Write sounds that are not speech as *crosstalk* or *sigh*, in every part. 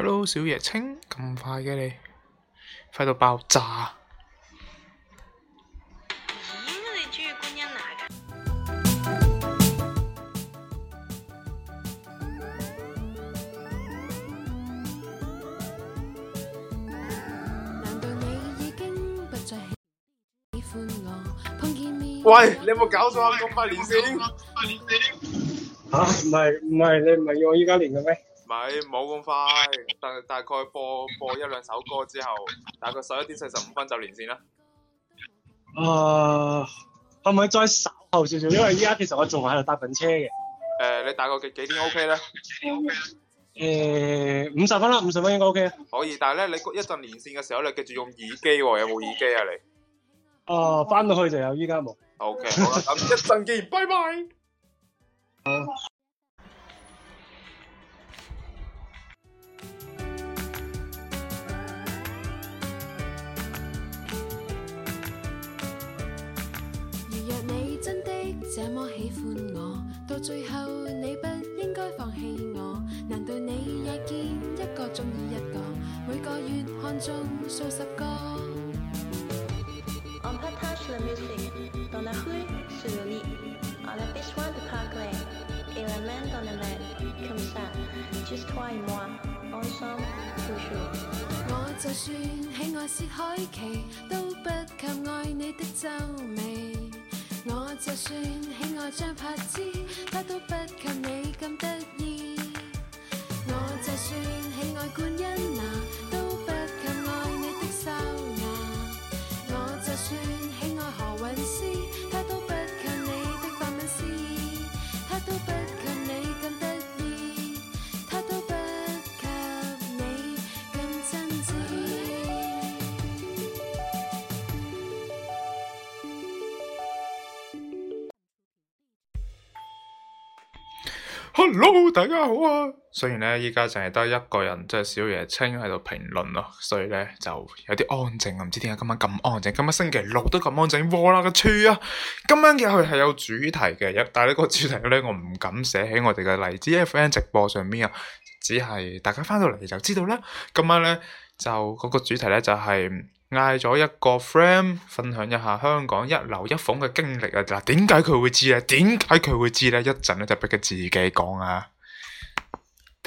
hello，小野清，咁快嘅你，快到爆炸啊！喂，你有冇搞錯啊？咁快練先？吓，唔係唔係你唔係要我依家練嘅咩？咪冇咁快，大大概播播一兩首歌之後，大概十一點四十五分就連線啦。啊，可唔可以再稍後少少？因為依家其實我仲喺度搭緊車嘅。誒、呃，你大概幾幾點 OK 咧？誒、uh, 五十分啦，五十分應該 OK。可以，但係咧，你一陣連線嘅時候你記住用耳機喎、哦，有冇耳機啊？你？哦，翻到去就有，依家冇。O、okay, K，好啦，咁 *laughs* 一陣見，拜拜。Uh, 這麼喜歡我，到最後你不應該放棄我。難道你也見一個中意一個，每個月看中數十個？我就算喜愛薛凱琪，都不及愛你的皺眉。就算喜愛張柏芝，他都不及你咁得意。我就算。大家好啊！雖然咧依家淨係得一個人，即係小爺青喺度評論咯，所以咧就有啲安靜啊！唔知點解今晚咁安靜，今晚星期六都咁安靜。哇啦個黐啊！今晚嘅去係有主題嘅，但係呢個主題咧我唔敢寫喺我哋嘅荔枝 FM 直播上邊啊，只係大家翻到嚟就知道啦。今晚咧就嗰個主題咧就係嗌咗一個 friend 分享一下香港一樓一鳳嘅經歷啊！嗱，點解佢會知咧？點解佢會知咧？一陣咧就俾佢自己講啊！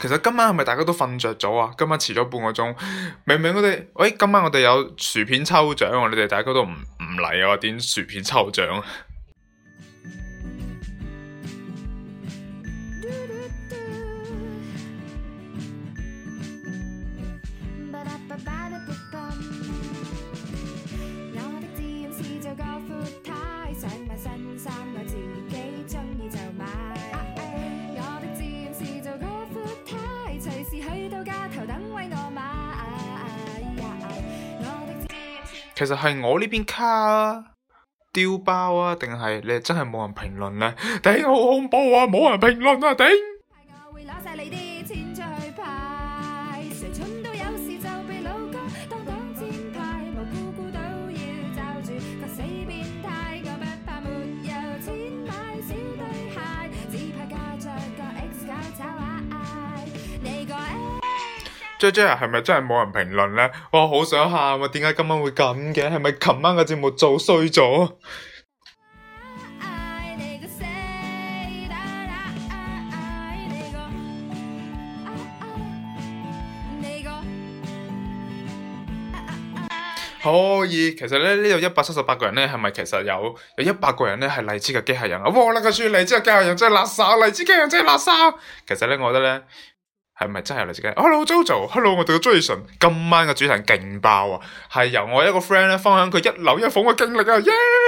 其實今晚係咪大家都瞓着咗啊？今晚遲咗半個鐘，明明？我哋，喂，今晚我哋有薯片抽獎，啊，你哋大家都唔唔嚟啊？我點薯片抽獎，啊？其實係我呢邊卡啊，丟包啊，定係你真係冇人評論呢？頂！ *laughs* 好恐怖啊，冇人評論啊，頂！Jj 係咪真係冇人評論咧？我好想喊啊！點解今晚會咁嘅？係咪琴晚嘅節目做衰咗？可以，其實咧呢度一百七十八個人咧，係咪其實有有一百個人咧係荔枝嘅機械人？哇！嗱個樹荔枝嘅機械人真係垃圾，荔枝嘅機械人真係垃圾。其實咧，我覺得咧。係咪真係嚟自嘅 Hello，Jojo，Hello，我哋嘅 Jason，今晚嘅主題勁爆啊！係由我一個 friend 咧分享佢一樓一房嘅經歷啊！耶、yeah!！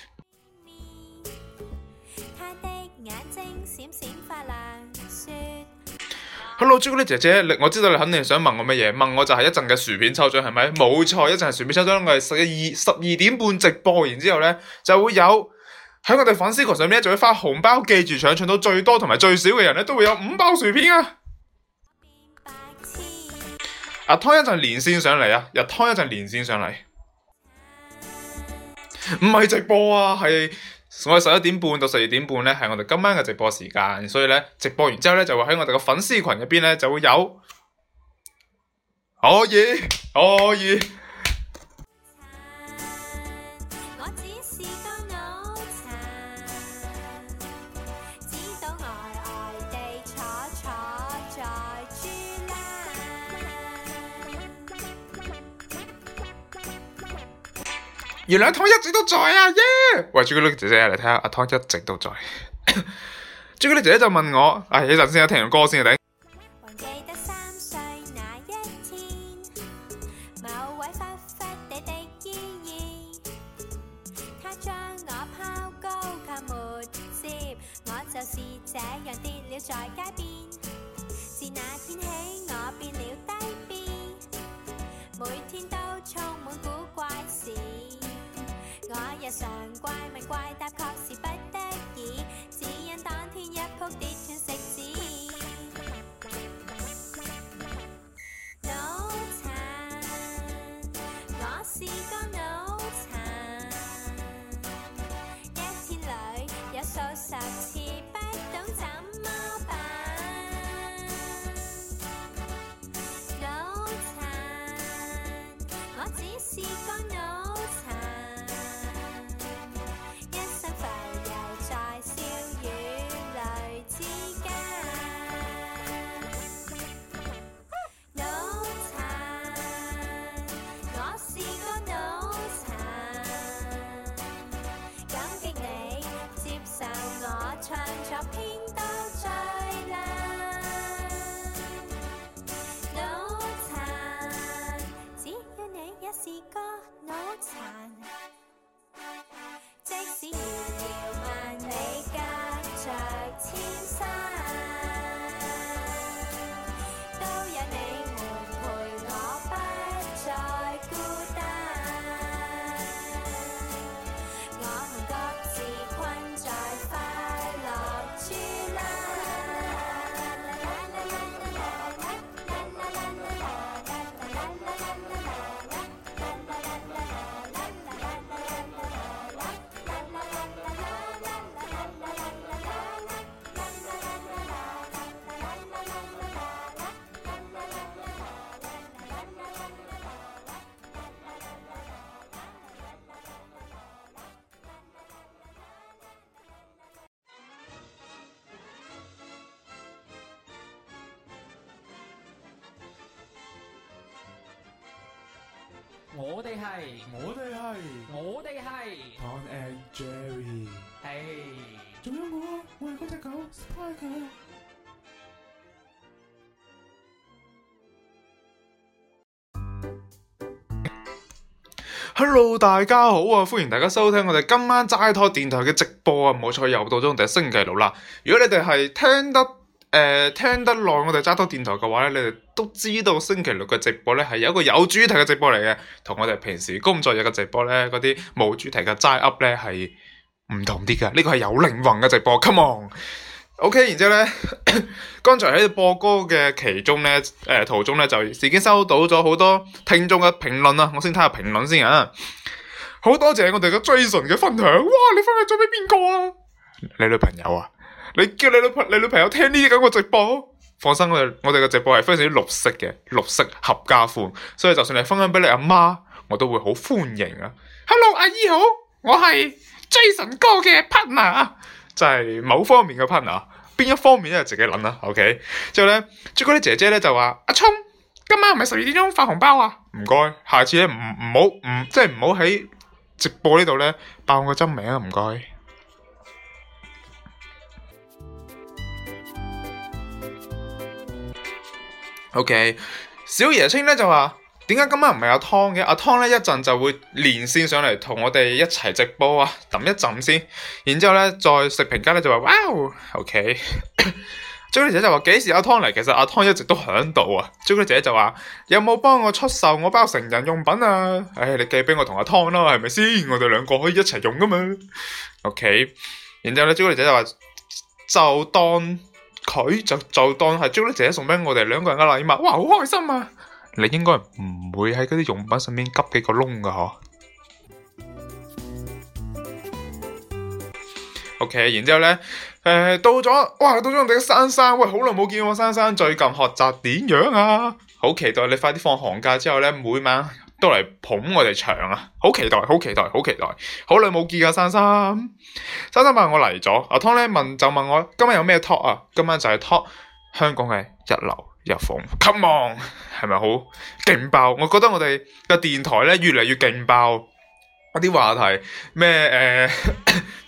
老朱古力姐姐，你我知道你肯定想問我乜嘢？問我就係一陣嘅薯片抽獎係咪？冇錯，一陣係薯片抽獎，我係十一二十二點半直播，然之後咧就會有喺我哋粉絲群上面，咧就會發紅包，記住搶搶到最多同埋最少嘅人咧都會有五包薯片啊！ *noise* 啊，湯一陣連線上嚟啊，又湯一陣連線上嚟，唔係 *noise* 直播啊，係。我係十一點半到十二點半呢，係我哋今晚嘅直播時間，所以呢，直播完之後呢，就會喺我哋嘅粉絲群入邊呢，就會有，可以可以。原來湯一直都在啊！耶、yeah!！喂，朱古力姐姐嚟睇下，阿湯、啊、一直都在。 *coughs* 朱古力姐姐就問我，哎，一陣先，我聽完歌先啊，頂。我哋係，我哋係，我哋係，Tom and Jerry Hey.。係，仲有我，我係嗰隻狗，Spiker。Hello，大家好啊！歡迎大家收聽我哋今晚齋 talk 電台嘅直播啊！冇錯，又到咗我哋星期六啦。如果你哋係聽得，誒、呃，聽得耐我哋揸多電台嘅話咧，你哋都知道星期六嘅直播咧係有一個有主題嘅直播嚟嘅，同我哋平時工作日嘅直播咧嗰啲冇主題嘅齋 up 咧係唔同啲嘅，呢個係有靈魂嘅直播。Come on，OK，、okay, 然之後咧， *coughs* 剛才喺度播歌嘅其中咧，誒、呃、途中咧就已經收到咗好多聽眾嘅評論啊。我先睇下評論先啊。好多謝我哋嘅 Jason 嘅分享，哇！你分享咗俾邊個啊？你女朋友啊？你叫你老婆、你女朋友聽呢啲咁嘅直播，放心啦，我哋嘅直播係非常之綠色嘅，綠色合家歡，所以就算你分享畀你阿媽，我都會好歡迎啊！Hello，阿姨好，我係 Jason 哥嘅 partner，啊，就係某方面嘅 partner，邊一方面咧自己諗啦，OK。之後咧，朱古力姐姐咧就話：阿聰，今晚唔係十二點鐘發紅包啊！唔該，下次咧唔唔好唔即係唔好喺直播呢度咧爆我真名啊！唔該。O、okay. K，小爺青咧就話，點解今晚唔係阿湯嘅？阿湯咧一陣就會連線上嚟同我哋一齊直播啊！揼一陣先，然之後咧再食評家咧就話哇！O、okay. K， *coughs* 朱古力仔就話，幾時阿湯嚟？其實阿湯一直都響度啊！朱古力仔就話，有冇幫我出售我包成人用品啊？唉、哎，你寄俾我同阿湯啦，係咪先？我哋兩個可以一齊用噶嘛？O、okay. K，然之後咧朱古力仔就話就當。佢就就當係將啲姐姐送俾我哋兩個人嘅禮物，哇，好開心啊！你應該唔會喺嗰啲用品上面急幾個窿噶，嗬？OK，然之後咧，誒，到咗，哇，到咗我哋嘅珊珊，喂，好耐冇見，我珊珊最近學習點樣啊？好期待你快啲放寒假之後咧，每晚。都嚟捧我哋場啊！好期待，好期待，好期待！好耐冇見啊，珊珊，珊珊話我嚟咗。阿湯咧問就問我今晚有咩 talk 啊？今晚就係 talk 香港嘅一流入房，Come on，係咪好勁爆？我覺得我哋嘅電台咧越嚟越勁爆。嗰啲話題咩誒、呃、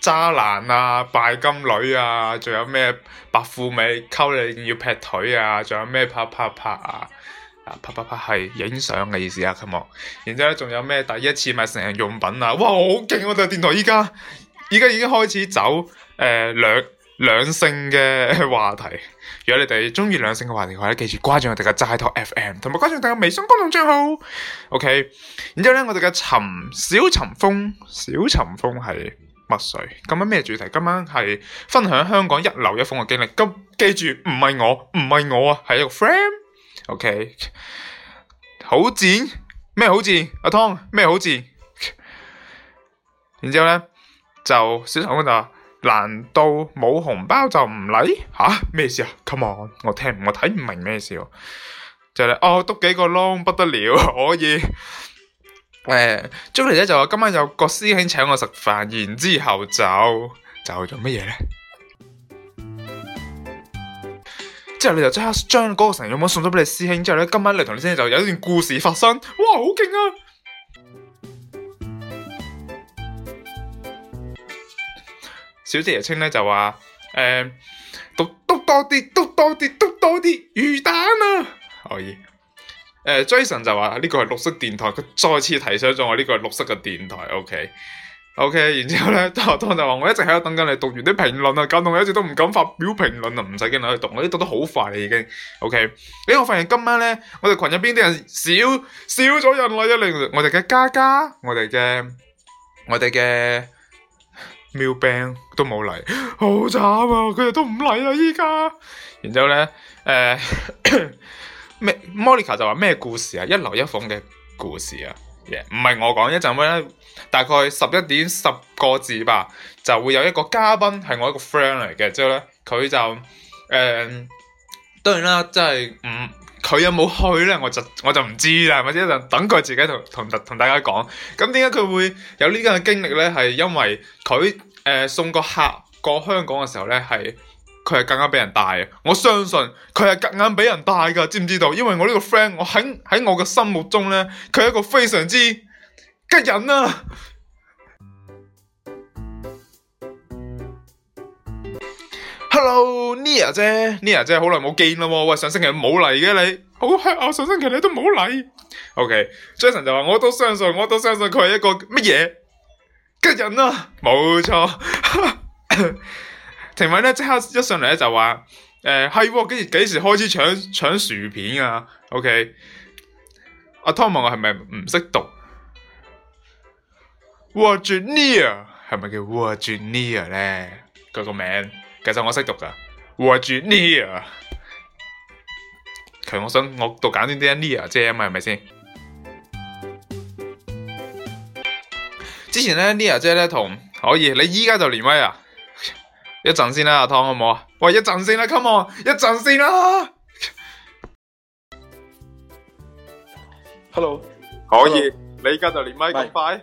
*laughs* 渣男啊、拜金女啊，仲有咩白富美溝你要劈腿啊，仲有咩啪啪啪啪啊！啊、啪啪啪拍係影相嘅意思啊，琴日。然之後咧，仲有咩？第一次買成人用品啊！哇，好勁，我哋電台依家，依家已經開始走誒、呃、兩兩性嘅話題。如果你哋中意兩性嘅話題嘅話，記住關注我哋嘅齋 talk FM，同埋關注我哋嘅微信公眾賬號。OK。然之後咧，我哋嘅尋小尋風，小尋風係乜水？今晚咩主題？今晚係分享香港一流一風嘅經歷。咁記住，唔係我，唔係我啊，係一個 friend。O、okay. K，好賤咩好賤？阿湯咩好賤？ *laughs* 然之後咧就小陳我就話，難道冇紅包就唔嚟吓？咩、啊、事啊？Come on，我聽我睇唔明咩事、啊、呢哦。就係哦，篤幾個窿不得了，可以誒。朱小姐就話今晚有個師兄請我食飯，然之後就就做乜嘢咧？之後你就即刻將嗰個神勇帽送咗俾你師兄，之後咧今晚嚟同你，你師兄就有一段故事發生。哇，好勁啊！ *music* 小姐日清咧就話，誒、嗯，篤多啲，篤多啲，篤多啲魚蛋啊！可以。誒，Jason 就話呢個係綠色電台，佢再次提醒咗我呢個係綠色嘅電台。OK。O、okay, K，然之後咧，多多就話我一直喺度等緊你讀完啲評論啊，搞到我一直都唔敢發表評論啊，唔使驚你去讀我啲讀得好快啊已經。O K，咦，我發現今晚咧，我哋群入邊啲人少少咗人啦，一零，我哋嘅嘉嘉，我哋嘅我哋嘅妙餅都冇嚟，好慘啊，佢哋都唔嚟啊依家。然之後咧，誒、呃，咩？Monica 就話咩故事啊？一樓一房嘅故事啊。唔係、yeah, 我講一陣咧，大概十一點十個字吧，就會有一個嘉賓係我一個 friend 嚟嘅。之後咧，佢就誒、呃，當然啦，即係唔佢有冇去咧，我就我就唔知啦，係咪先？或者等佢自己同同同大家講。咁點解佢會有呢個經歷咧？係因為佢誒、呃、送個客過香港嘅時候咧，係。佢係更加俾人帶啊！我相信佢係夾硬俾人帶噶，知唔知道？因為我呢個 friend，我喺喺我嘅心目中呢，佢係一個非常之吉人啊 *music* ！Hello，Nia 姐，Nia 姐好耐冇見啦喎！喂，上星期冇嚟嘅你，好係，oh, yeah, 上星期你都冇嚟。OK，Jason、okay, 就話我都相信，我都相信佢係一個乜嘢吉人啊！冇錯。 *laughs* *coughs* 廷偉呢，即刻一上嚟呢，就話誒係跟住幾時開始搶搶薯片啊？OK，阿 Tom 問我係咪唔識讀？Virginia 係咪叫 Virginia 咧？佢個名其實我識讀噶。Virginia 其實，我想我讀簡單啲啊，Nia 姐啊嘛，係咪先？之前咧，Nia 姐咧同可以，你依家就連麥啊！一陣先啦阿湯好唔好啊？喂一陣先啦 come on，一陣先啦。Hello，可以。你依家就連麥咁快？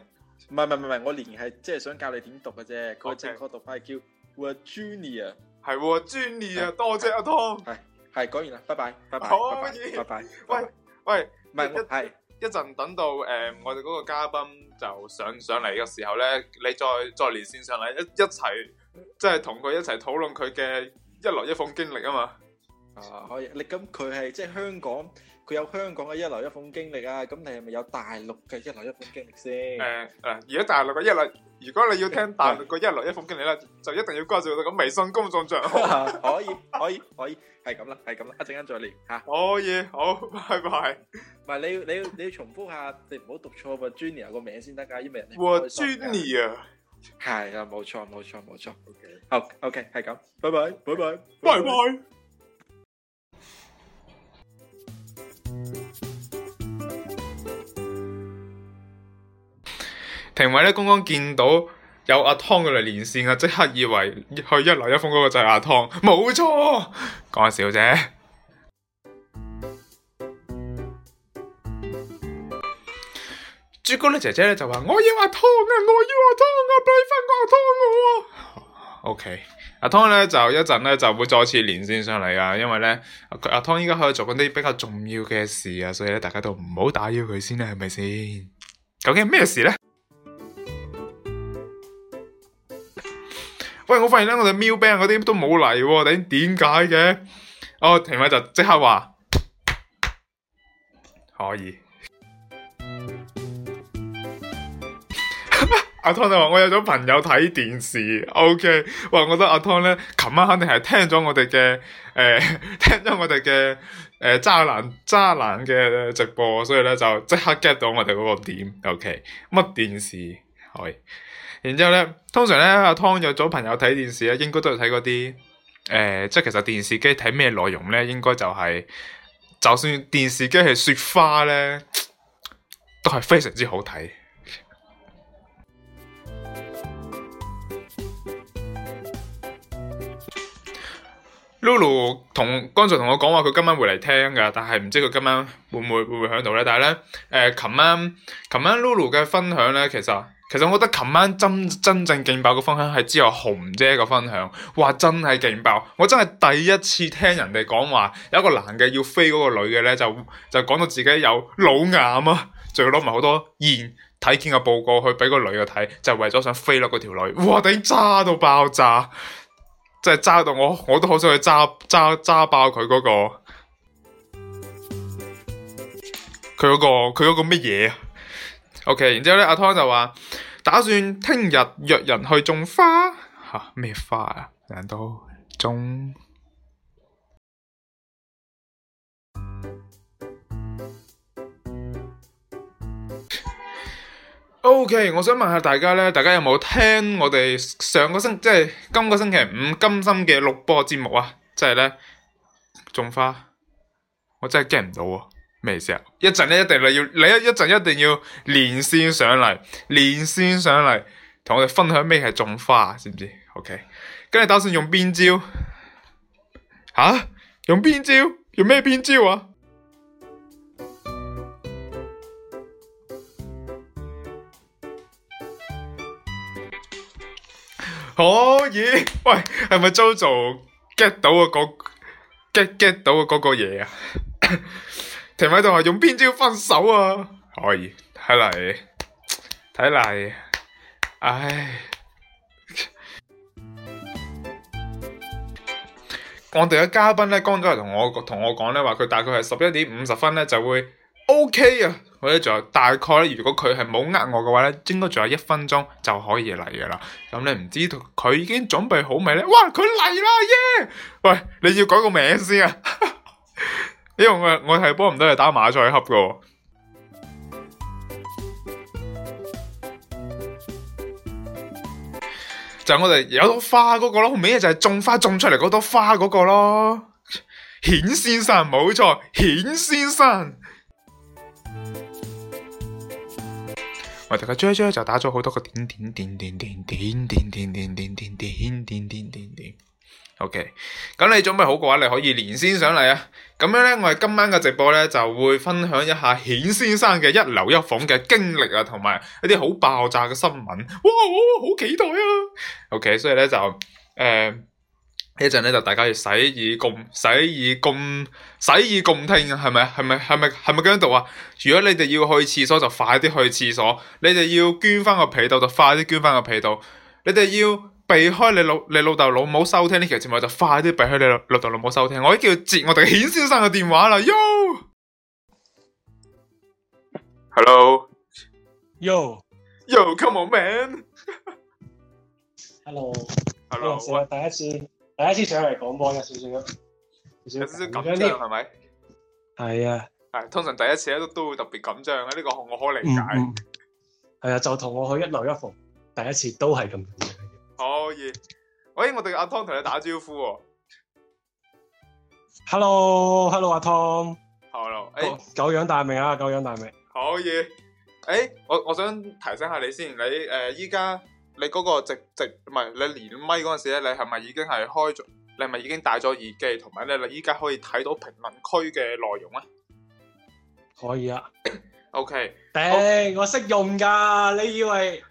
唔係唔係唔係，我連係即係想教你點讀嘅啫。佢正確讀法係叫 Virginia，係 Virginia。多謝阿湯。係係講完啦，拜拜拜拜。可以拜拜。喂喂，唔係係一陣等到誒我哋嗰個嘉賓就上上嚟嘅時候咧，你再再連線上嚟一一齊。即係同佢一齊討論佢嘅一樓一鳳經歷啊嘛，啊可以，你咁佢係即係香港，佢有香港嘅一樓一鳳經歷啊，咁你係咪有大陸嘅一樓一鳳經歷先？誒誒，如果大陸嘅一樓，如果你要聽大陸嘅一樓一鳳經歷咧，就一定要關注到咁微信公眾賬號，可以可以可以，係咁啦，係咁啦，一陣間再連吓，可以好，拜拜，唔係你要你要你要重複下，你唔好讀錯 Junior 個名先得噶，因為人。我 Junior。係啊，冇錯冇錯冇錯。OK，好 OK，係、okay, 咁 Bye bye.，拜拜拜拜拜拜。庭委咧，剛剛見到有阿湯過嚟連線啊，即刻以為去一樓一封嗰個就係阿湯，冇錯，講下笑啫。朱古力姐姐咧就話：我要阿湯啊，我要阿湯啊，俾翻個阿湯我啊。O K，阿湯咧就一陣咧就會再次連線上嚟噶，因為咧阿阿湯依家可以做嗰啲比較重要嘅事啊，所以咧大家都唔好打擾佢先啦，係咪先？究竟係咩事咧？喂，我發現咧我哋 Miu Ben 嗰啲都冇嚟喎，頂，點解嘅？哦，婷咪就即刻話可以。阿湯、 *laughs* 啊、就話我有咗朋友睇電視，OK，話我覺得阿湯咧，琴晚肯定係聽咗我哋嘅，誒、呃，聽咗我哋嘅，誒、呃、渣男渣男嘅直播，所以咧就即刻 get 到我哋嗰個點，OK，乜電視係、OK，然之後咧，通常咧阿湯約咗朋友睇電視咧，應該都係睇嗰啲，誒、呃，即係其實電視機睇咩內容咧，應該就係、是，就算電視機係雪花咧，都係非常之好睇。Lulu 同剛才同我講話，佢今，今晚會嚟聽噶，但係唔知佢今晚會唔會會唔會喺度咧？但係咧，誒，琴晚琴晚 Lulu 嘅分享咧，其實其實我覺得琴晚真真正勁爆嘅分享係之後紅姐嘅分享，哇！真係勁爆，我真係第一次聽人哋講話有一個男嘅要飛嗰個女嘅咧，就就講到自己有腦癌啊，仲 *laughs* 要攞埋好多驗體檢嘅報告去俾個女嘅睇，就係、是、為咗想飛落嗰條女，哇，頂渣到爆炸！即係揸到我，我都好想去揸揸揸爆佢嗰、個，佢嗰、 *music* 個佢嗰個乜嘢啊？OK，然之後咧，阿湯就話打算聽日約人去種花吓，咩花啊？人都種。O.K.，我想問下大家咧，大家有冇聽我哋上個星，即係今個星期五更新嘅錄播節目啊？即係咧種花，我真係驚唔到啊！咩意思啊？一陣咧一定你要，你一陣一定要連線上嚟，連線上嚟同我哋分享咩係種花，啊，知唔知？O.K.，跟住打算用邊招，吓？用邊招，用咩邊招啊？可以，喂，係咪 JoJoget 到啊？嗰 get get 到啊？嗰個嘢啊，停喺度係用邊招分手啊？可以，睇嚟，睇嚟，唉，我哋嘅嘉賓咧，剛剛係同我同我講咧，話佢大概係十一點五十分咧就會 OK 啊。我咧仲有大概咧，如果佢係冇呃我嘅話咧，應該仲有一分鐘就可以嚟嘅啦。咁你唔知道佢已經準備好未咧？哇！佢嚟啦，耶、yeah!！喂，你要改個名先啊？ *laughs* 因為我我係幫唔到你打馬賽克嘅。 *music* 就我哋有朵花嗰、嗰個咯，後尾就係種花種出嚟嗰朵花嗰個咯。顯先生冇錯，顯先生。我哋個 J J 就打咗好多個點點點點點點點點點點點點點點，OK，咁你準備好嘅話，你可以連線上嚟啊！咁樣咧，我哋今晚嘅直播咧就會分享一下顯先生嘅一樓一鳳嘅經歷啊，同埋一啲好爆炸嘅新聞，哇，好期待啊！OK，所以咧就誒。一陣咧就大家要洗耳共洗耳共洗耳共，洗耳共，洗耳共聽，係咪？係咪？係咪？係咪咁樣讀啊？如果你哋要去廁所就快啲去廁所，你哋要捐翻個被竇就快啲捐翻個被竇，你哋要避開你老你老豆老母收聽呢期節目就快啲避開你老豆老、老母收聽。我已經叫接我哋顯先生嘅電話啦，Yo，Hello，Yo，Yo，Come on man，Hello，Hello， *laughs* 我 Hello.、hey, 第一次。第一次上嚟講波嘅，少少咯，有少少緊張係咪？係對啊，係通常第一次咧都都會特別緊張嘅，呢、這個我可以理解。係、嗯、啊，就同我去一樓一房，第一次都係咁。可以，喂，我哋阿湯同你打招呼。Hello，Hello，hello, 阿湯。Hello，誒，久仰大名啊，久仰大名。可以，誒、欸，我我想提醒下你先，你誒依家。呃你嗰個直直唔係你連麥嗰陣時咧，你係咪已經係開咗？你係咪已經戴咗耳機？同埋咧，你依家可以睇到評論區嘅內容啊？可以啊。O K。我識用噶。你以為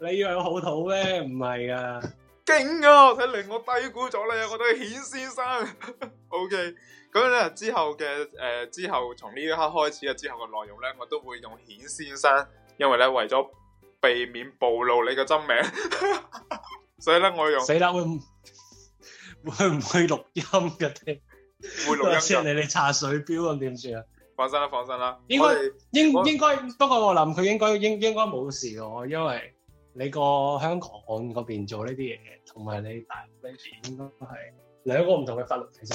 你以為我好土咩？唔係啊，勁啊！睇嚟，我低估咗你啊，我都係顯先生。 *laughs* o、okay, K。咁咧之後嘅誒、呃、之後從呢一刻開始啊，之後嘅內容咧，我都會用顯先生，因為咧為咗。避免暴露你個真名，所以咧我用死啦，會會唔會錄音嘅？聽會錄音先，你哋查水表咁點算啊？放心啦，放心啦。應該應應該，不過我諗佢應該應應該冇事喎，因為你個香港嗰邊做呢啲嘢，同埋你大陸呢邊應該係兩個唔同嘅法律體系。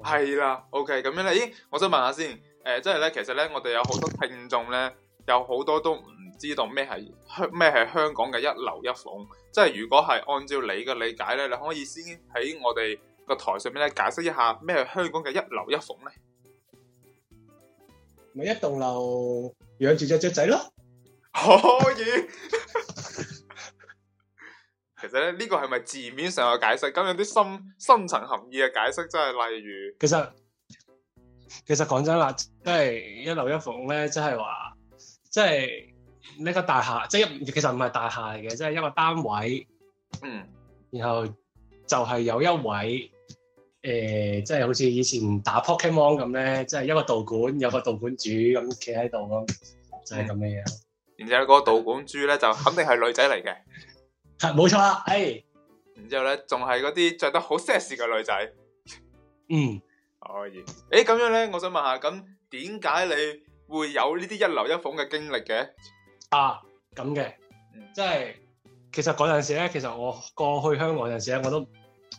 係啦，OK，咁樣咧，咦，我想問下先，誒，即係咧，其實咧，我哋有好多聽眾咧，有好多都唔。知道咩係香咩係香港嘅一樓一鳳？即係如果係按照你嘅理解咧，你可以先喺我哋個台上面咧解釋一下咩係香港嘅一樓一鳳咧？咪一棟樓養住隻雀仔咯？著著可以。 *laughs* *laughs* 其實咧呢、這個係咪字面上嘅解釋？咁有啲深深層含義嘅解釋，即係例如，其實其實講真啦，即、就、係、是、一樓一鳳咧，即係話，即、就、係、是。呢個大廈，即係一，其實唔係大廈嚟嘅，即係一個單位。嗯，位呃、嗯，然後就係有一位，誒，即係好似以前打 Pokemon 咁咧，即係一個道館，有個道館主咁企喺度咁，就係咁嘅嘢。然之後個道館主咧就肯定係女仔嚟嘅，係冇錯啦。誒，然之後咧仲係嗰啲着得好 sexy 嘅女仔。嗯，哎、 *laughs* 嗯可以。誒，咁樣咧，我想問下，咁點解你會有呢啲一樓一鳳嘅經歷嘅？啊，咁嘅，即係其實嗰陣時咧，其實我過去香港陣時咧，我都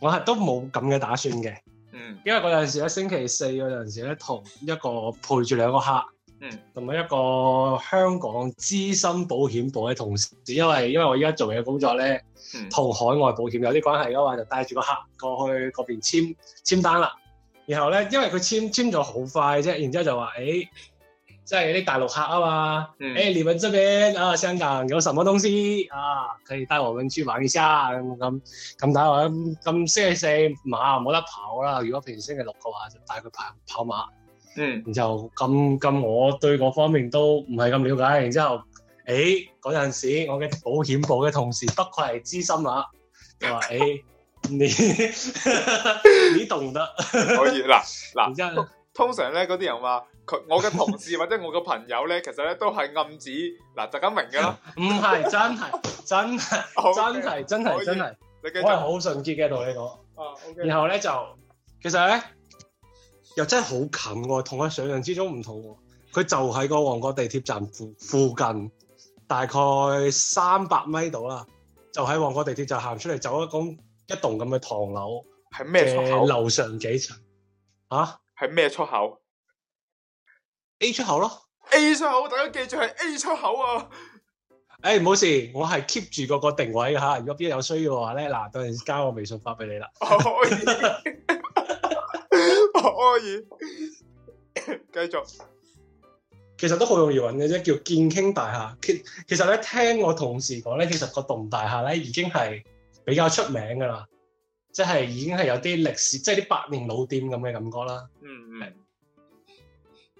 我係都冇咁嘅打算嘅。嗯，因為嗰陣時咧，星期四嗰陣時咧，同一個陪住兩個客，嗯，同埋一個香港資深保險部嘅同事，因為因為我依家做嘅工作咧，同海外保險有啲關係嘅話，就帶住個客過去嗰邊簽簽單啦。然後咧，因為佢簽簽咗好快啫，然之後就話誒。哎即係啲大陸客啊嘛，誒、嗯、欸，你們這邊啊，香港有什麼東西啊，可以帶我們去玩一下咁咁，但係咁星期四馬冇得跑啦。如果平時星期六嘅話就帶，就帶佢跑跑馬。嗯，然之後咁咁，我對嗰方面都唔係咁了解。然之後，誒、欸，嗰陣時我嘅保險部嘅同事不愧係資深啊，就話誒，欸、 *laughs* 你 *laughs* 你懂得的 *laughs* 可以啦，嗱，然後通常咧嗰啲人話。佢我嘅同事或者我嘅朋友咧，其實咧都係暗指嗱，大家明㗎啦。唔係 *laughs* 真係真真係真係真係，我係好純潔嘅同你講。Uh, okay. 然後咧就其實咧又真係好近喎、哦，同我想象之中唔同，哦。佢就喺個旺角地鐵站附附近，大概三百米度啦。就喺旺角地鐵站行出嚟，走一公一棟咁嘅唐樓，係咩出口？樓上幾層？吓？係咩出口？A 出口咯，A 出口，大家記住係 A 出口啊！誒、欸，冇事，我係 keep 住個個定位嘅吓。如果邊有需要嘅話咧，嗱，到時加我微信發俾你啦。可以， *laughs* *laughs* 可以，繼 *laughs* 續。其實都好容易揾嘅啫，叫建興大廈。其其實咧，聽我同事講咧，其實個棟大廈咧已經係比較出名噶啦，即係已經係有啲歷史，即係啲百年老店咁嘅感覺啦。嗯嗯。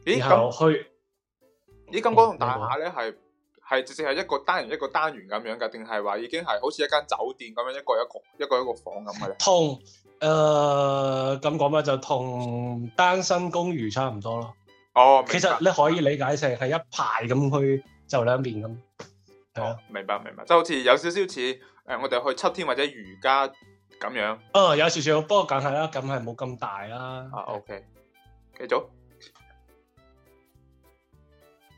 咦咁去？咦咁嗰棟大廈咧係係直接係一個單元一個單元咁樣噶？定係話已經係好似一間酒店咁樣一個一個一個一個房咁嘅咧？同誒咁講咧就同單身公寓差唔多咯。哦，其實你可以理解成係一排咁去就兩邊咁。哦，明白明白，就好似有少少似誒我哋去七天或者如家咁樣。哦，有少少，不過梗係啦，梗係冇咁大啦。啊，OK，繼續。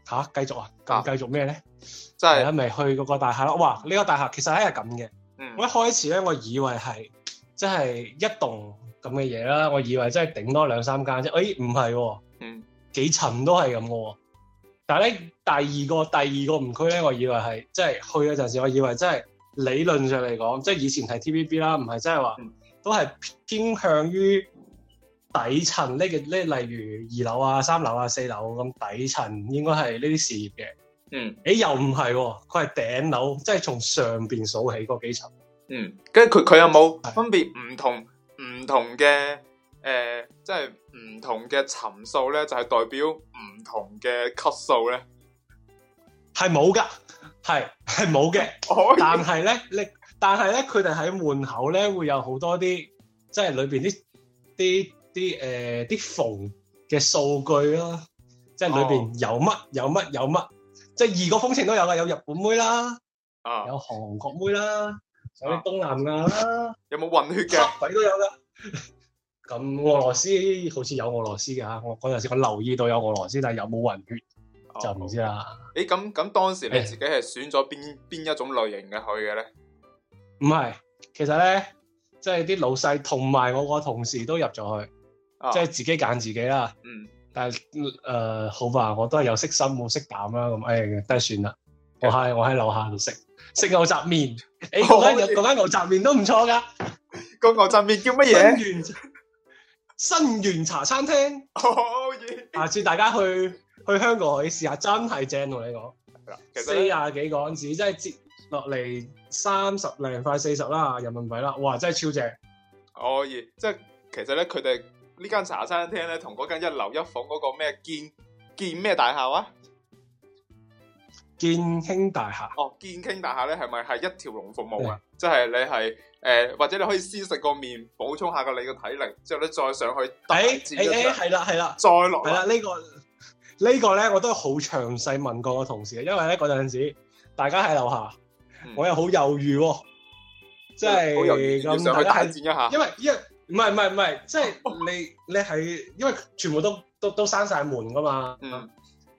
嚇，繼續啊，咁繼續咩咧？即係，咪、啊、去嗰個大廈咯。哇，呢、這個大廈其實喺係咁嘅。嗯、我一開始咧，我以為係即係一棟咁嘅嘢啦，我以為即係頂多兩三間啫。誒、哎，唔係喎，嗯、幾層都係咁嘅。但係咧，第二個第二個誤區咧，我以為係即係去嗰陣時，我以為即係理論上嚟講，即係以前係 TVB 啦，唔係真係話、嗯、都係偏向於。底層呢個呢，例如二樓啊、三樓啊、四樓咁底層，應該係呢啲事業嘅。嗯，誒又唔係喎，佢係頂樓，即係從上邊數起嗰幾、那個、層。嗯，跟住佢佢有冇分別唔同唔是同嘅，誒、呃，即係唔同嘅層數咧，就係、是、代表唔同嘅級數咧？係冇噶，係係冇嘅。但係咧，你但係咧，佢哋喺門口咧會有好多啲，即係裏邊啲啲。啲誒啲逢嘅數據啦，即係裏邊有乜、哦、有乜有乜，即係異國風情都有嘅，有日本妹啦，啊，哦、有韓國妹啦，哦、有啲東南亞啦，有冇混血嘅？鬼都有㗎。咁 *laughs* 俄羅斯、嗯、好似有俄羅斯嘅嚇，我嗰陣時我留意到有俄羅斯，但係有冇混血、哦、就唔知啦。誒咁咁當時你自己係選咗邊邊一種類型嘅去嘅咧？唔係，其實咧，即係啲老細同埋我個同事都入咗去。即係自己揀自己啦，嗯、但係誒、呃，好吧，我都係有色心冇色膽啦、啊，咁誒，都係算啦。我喺我喺樓下度食食牛雜麵，誒、欸，嗰間嗰間牛雜麵都唔錯噶，個牛雜麵叫乜嘢？新源新源茶餐廳，可以下次大家去去香港可以試下，真係正同你講，四廿幾港紙，即係折落嚟三十零塊四十啦，人民幣啦，哇，真係超正。可以、哦，即係其實咧，佢哋。呢間茶餐廳咧，同嗰間一樓一房嗰個咩建建咩大廈啊？建興大廈哦，建興大廈咧係咪係一條龍服務啊？即係的你係誒、呃，或者你可以先食個麵，補充下個你嘅體力，之後你再上去大戰。誒誒，係啦係啦，再來。係啦，呢、這個這個呢個咧，我都好詳細問過我同事，因為咧嗰陣時大家喺樓下，嗯、我又好猶、哦就是嗯、猶豫，即係咁上去大戰一下，因為因為因為唔係唔係唔係，即係、就是、你你係，因為全部都都都閂晒門噶嘛。嗯。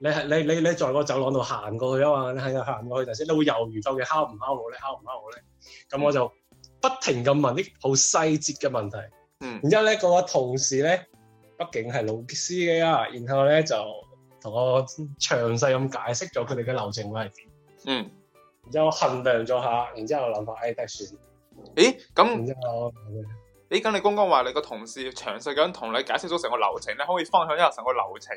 你係你你你在個走廊度行過去啊嘛，你喺度行過去就先。你會猶豫究竟敲唔敲我咧？敲唔敲我咧？咁我就不停咁問啲好細節嘅問題。嗯。然之後咧、那個同事咧，畢竟係老司機啊，然後咧就同我詳細咁解釋咗佢哋嘅流程係點。嗯。然之後我衡量咗下，然之後我諗翻，哎得算。誒咁。你跟你公公話你個同事詳細咁同你解釋咗成個流程咧，可以分享一下成個流程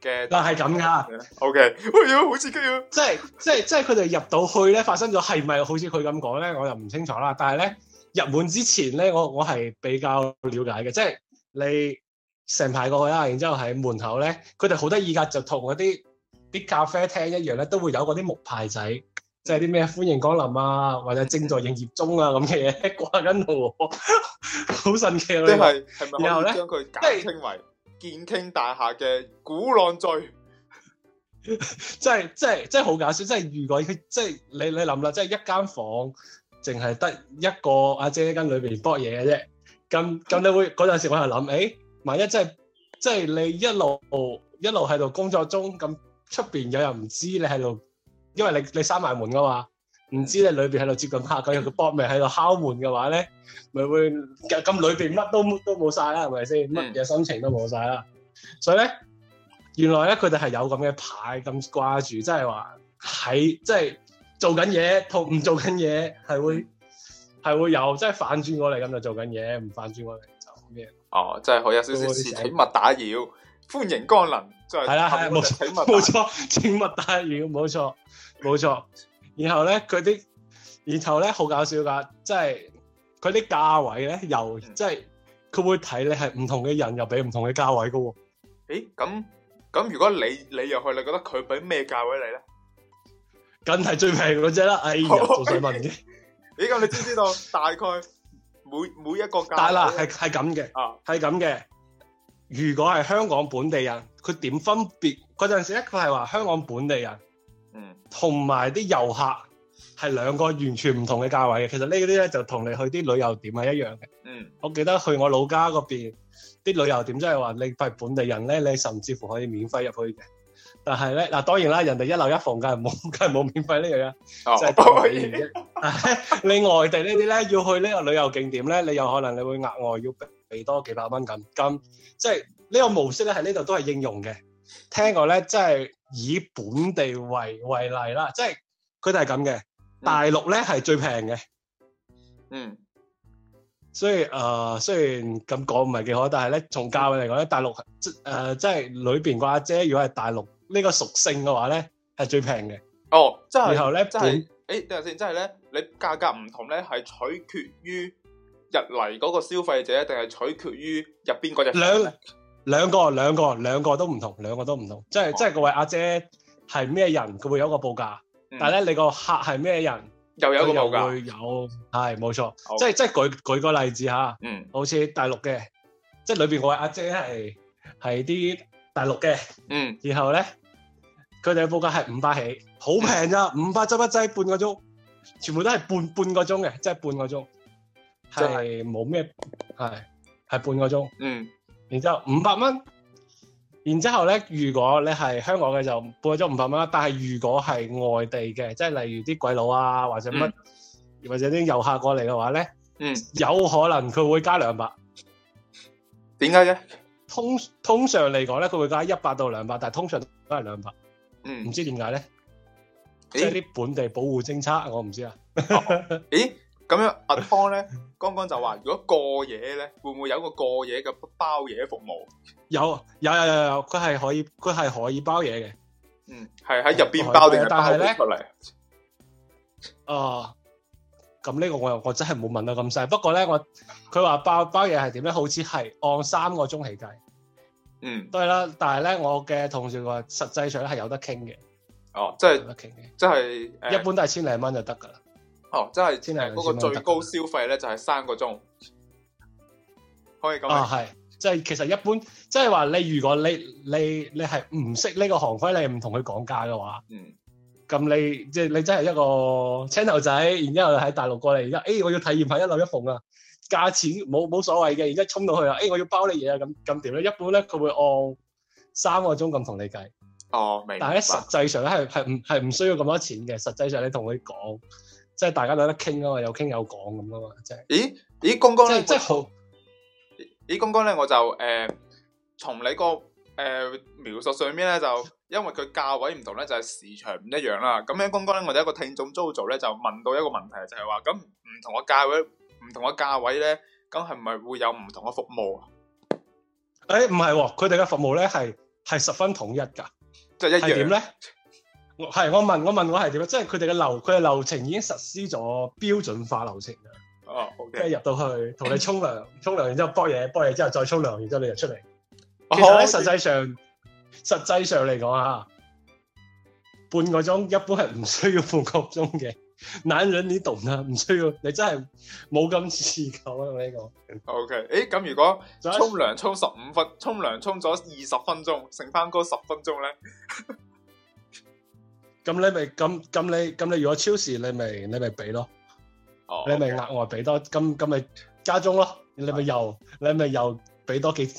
嘅。但係咁㗎，O K，哎呀，好刺激啊！即係即係即係佢哋入到去咧，發生咗係咪好似佢咁講咧？我又唔清楚啦。但係咧，入門之前咧，我我係比較了解嘅，即係你成排過去啦，然之後喺門口咧，佢哋好得意噶，就同嗰啲啲咖啡廳一樣咧，都會有嗰啲木牌仔。即係啲咩歡迎光臨啊，或者正在營業中啊，咁嘅嘢，掛緊我，好神奇咯。即係然後咧，將佢即係稱為建傾大廈嘅鼓浪嶼，即係即係即係好搞笑。即係如果佢即係你你諗啦，即係一間房淨係得一個阿姐一間裏邊博嘢嘅啫。咁咁你會嗰陣時我又諗，誒，萬一真係即係你一路一路喺度工作中，咁出邊有人唔知你喺度。因為你你閂埋門噶嘛，唔知你裏邊喺度接近客，佢搏命喺度敲門嘅話咧，咪會咁裏邊乜都都冇晒啦，係咪先？乜嘢心情都冇晒啦。所以咧，原來咧佢哋係有咁嘅牌咁掛住，即係話喺即係做緊嘢同唔做緊嘢係會係會有，即係反轉過嚟咁就做緊嘢，唔反轉過嚟就咩？哦，即係好有少少請勿打擾，歡迎光臨。係啦，係冇錯，冇錯，請勿打擾，冇錯，冇錯。然後咧，佢啲，然後咧好搞笑噶，即係佢啲價位咧，又即係佢會睇你係唔同嘅人，又俾唔同嘅價位噶喎。誒，咁咁，如果你你入去，你覺得佢俾咩價位你咧？梗係最平嗰隻啦，哎呀，做使問嘅。咦，咁你知唔知道大概每每一個價？大啦，係係咁嘅，係咁嘅。如果係香港本地人，佢點分別嗰陣時咧？佢係話香港本地人，嗯，同埋啲遊客係兩個完全唔同嘅價位嘅。其實呢啲咧就同你去啲旅遊點係一樣嘅。嗯，我記得去我老家嗰邊啲旅遊點，即係話你係本地人咧，你甚至乎可以免費入去嘅。但係咧嗱，當然啦，人哋一樓一房係冇，梗係冇免費呢樣嘢，即係當然嘅。你， *laughs* 你外地呢啲咧要去呢個旅遊景點咧，你有可能你會額外要。俾多幾百蚊咁咁，即係呢個模式咧，喺呢度都係應用嘅。聽過咧，即係以本地為為例啦，即係佢都係咁嘅。大陸咧係最平嘅，嗯、呃。所以誒，雖然咁講唔係幾好，但係咧從價位嚟講咧，大陸誒即係裏邊個阿姐，如果係大陸呢個屬性嘅話咧，係最平嘅。哦，即係然後咧是本，誒，等先，即係咧，你價格唔同咧，係取決於。入嚟嗰個消費者，一定係取決於入邊嗰隻，兩兩個兩個兩個都唔同，兩個都唔同。即係即係位阿姐係咩人，佢會有一個報價。但係咧，你個客係咩人，又有個報價，會有係冇錯。即係即係舉舉個例子嚇，嗯，好似大陸嘅，即係裏邊個位阿姐係係啲大陸嘅，嗯，然後咧佢哋嘅報價係五百起，好平咋，五百執一劑半個鐘，全部都係半半個鐘嘅，即係半個鐘。即係冇咩，係係半個鐘，嗯，然之後五百蚊，然之後咧，如果你係香港嘅就半個鐘五百蚊，但係如果係外地嘅，即係例如啲鬼佬啊，或者乜，嗯、或者啲遊客過嚟嘅話咧，嗯，有可能佢會加兩百，點解嘅？通通常嚟講咧，佢會加一百到兩百，但係通常都係兩百，嗯，唔知點解咧，即係啲本地保護政策，我唔知啊，咦、哦？欸 *laughs* 咁樣阿湯咧，剛剛就話如果過夜咧，會唔會有一個過夜嘅包夜服務？有，有，有，有，有，佢係可以，佢係可以包夜嘅。嗯，係喺入邊包定係？包但係咧，啊，咁呢、哦、個我又我真係冇問到咁細。不過咧，我佢話包包夜係點咧？好似係按三個鐘起計。嗯，都係啦。但係咧，我嘅同事話，實際上咧係有得傾嘅。哦，即、就、係、是、有得傾嘅，即係、就是就是、一般都係千零蚊就得噶啦。哦，即係嗰個最高消費咧，啊，就係三個鐘，可以咁啊，係即係其實一般，即係話你如果你你你係唔識呢個行規，你唔同佢講價嘅話，嗯，咁你即係你真係一個青頭仔，然之後喺大陸過嚟，然之後誒我要體驗下一樓一鳳啊，價錢冇冇所謂嘅，然之後衝到去啊，誒、哎，我要包你嘢啊，咁咁點咧？一般咧佢會按三個鐘咁同你計，哦明，但係實際上咧係係唔係唔需要咁多錢嘅，實際上你同佢講。即係大家都有得傾啊嘛，有傾有講咁啊嘛，即係。咦咦，剛剛咧即係好。咦，剛剛咧我就誒，從你個誒描述上面咧就，因為佢價位唔同咧，就係市場唔一樣啦。咁樣剛剛咧，我有一個聽眾 Jojo 咧就問到一個問題，就係話咁唔同嘅價位，唔同嘅價位咧，咁係咪會有唔同嘅服務啊？誒，唔係喎，佢哋嘅服務咧係係十分統一噶，即係一樣點咧？係我問，我問我係點樣？即係佢哋嘅流，佢嘅流程已經實施咗標準化流程啦。哦、oh, okay.，即係入到去同你沖涼，沖涼，然之後剝嘢，剝嘢，之後再沖涼，然之後你就出嚟。其實咧、oh, okay.，實際上實際上嚟講啊，半個鐘一般係唔需要半個鐘嘅，懶人呢度啦，唔需要。你真係冇咁持久啊！呢、這個。O K，誒，咁如果沖涼沖十五分，沖涼沖咗二十分鐘，剩翻嗰十分鐘咧？ *laughs* 咁你咪咁咁你咁你如果超時你咪你咪俾咯，你咪額外俾多，咁咁咪加鐘咯，你咪又你咪又俾多幾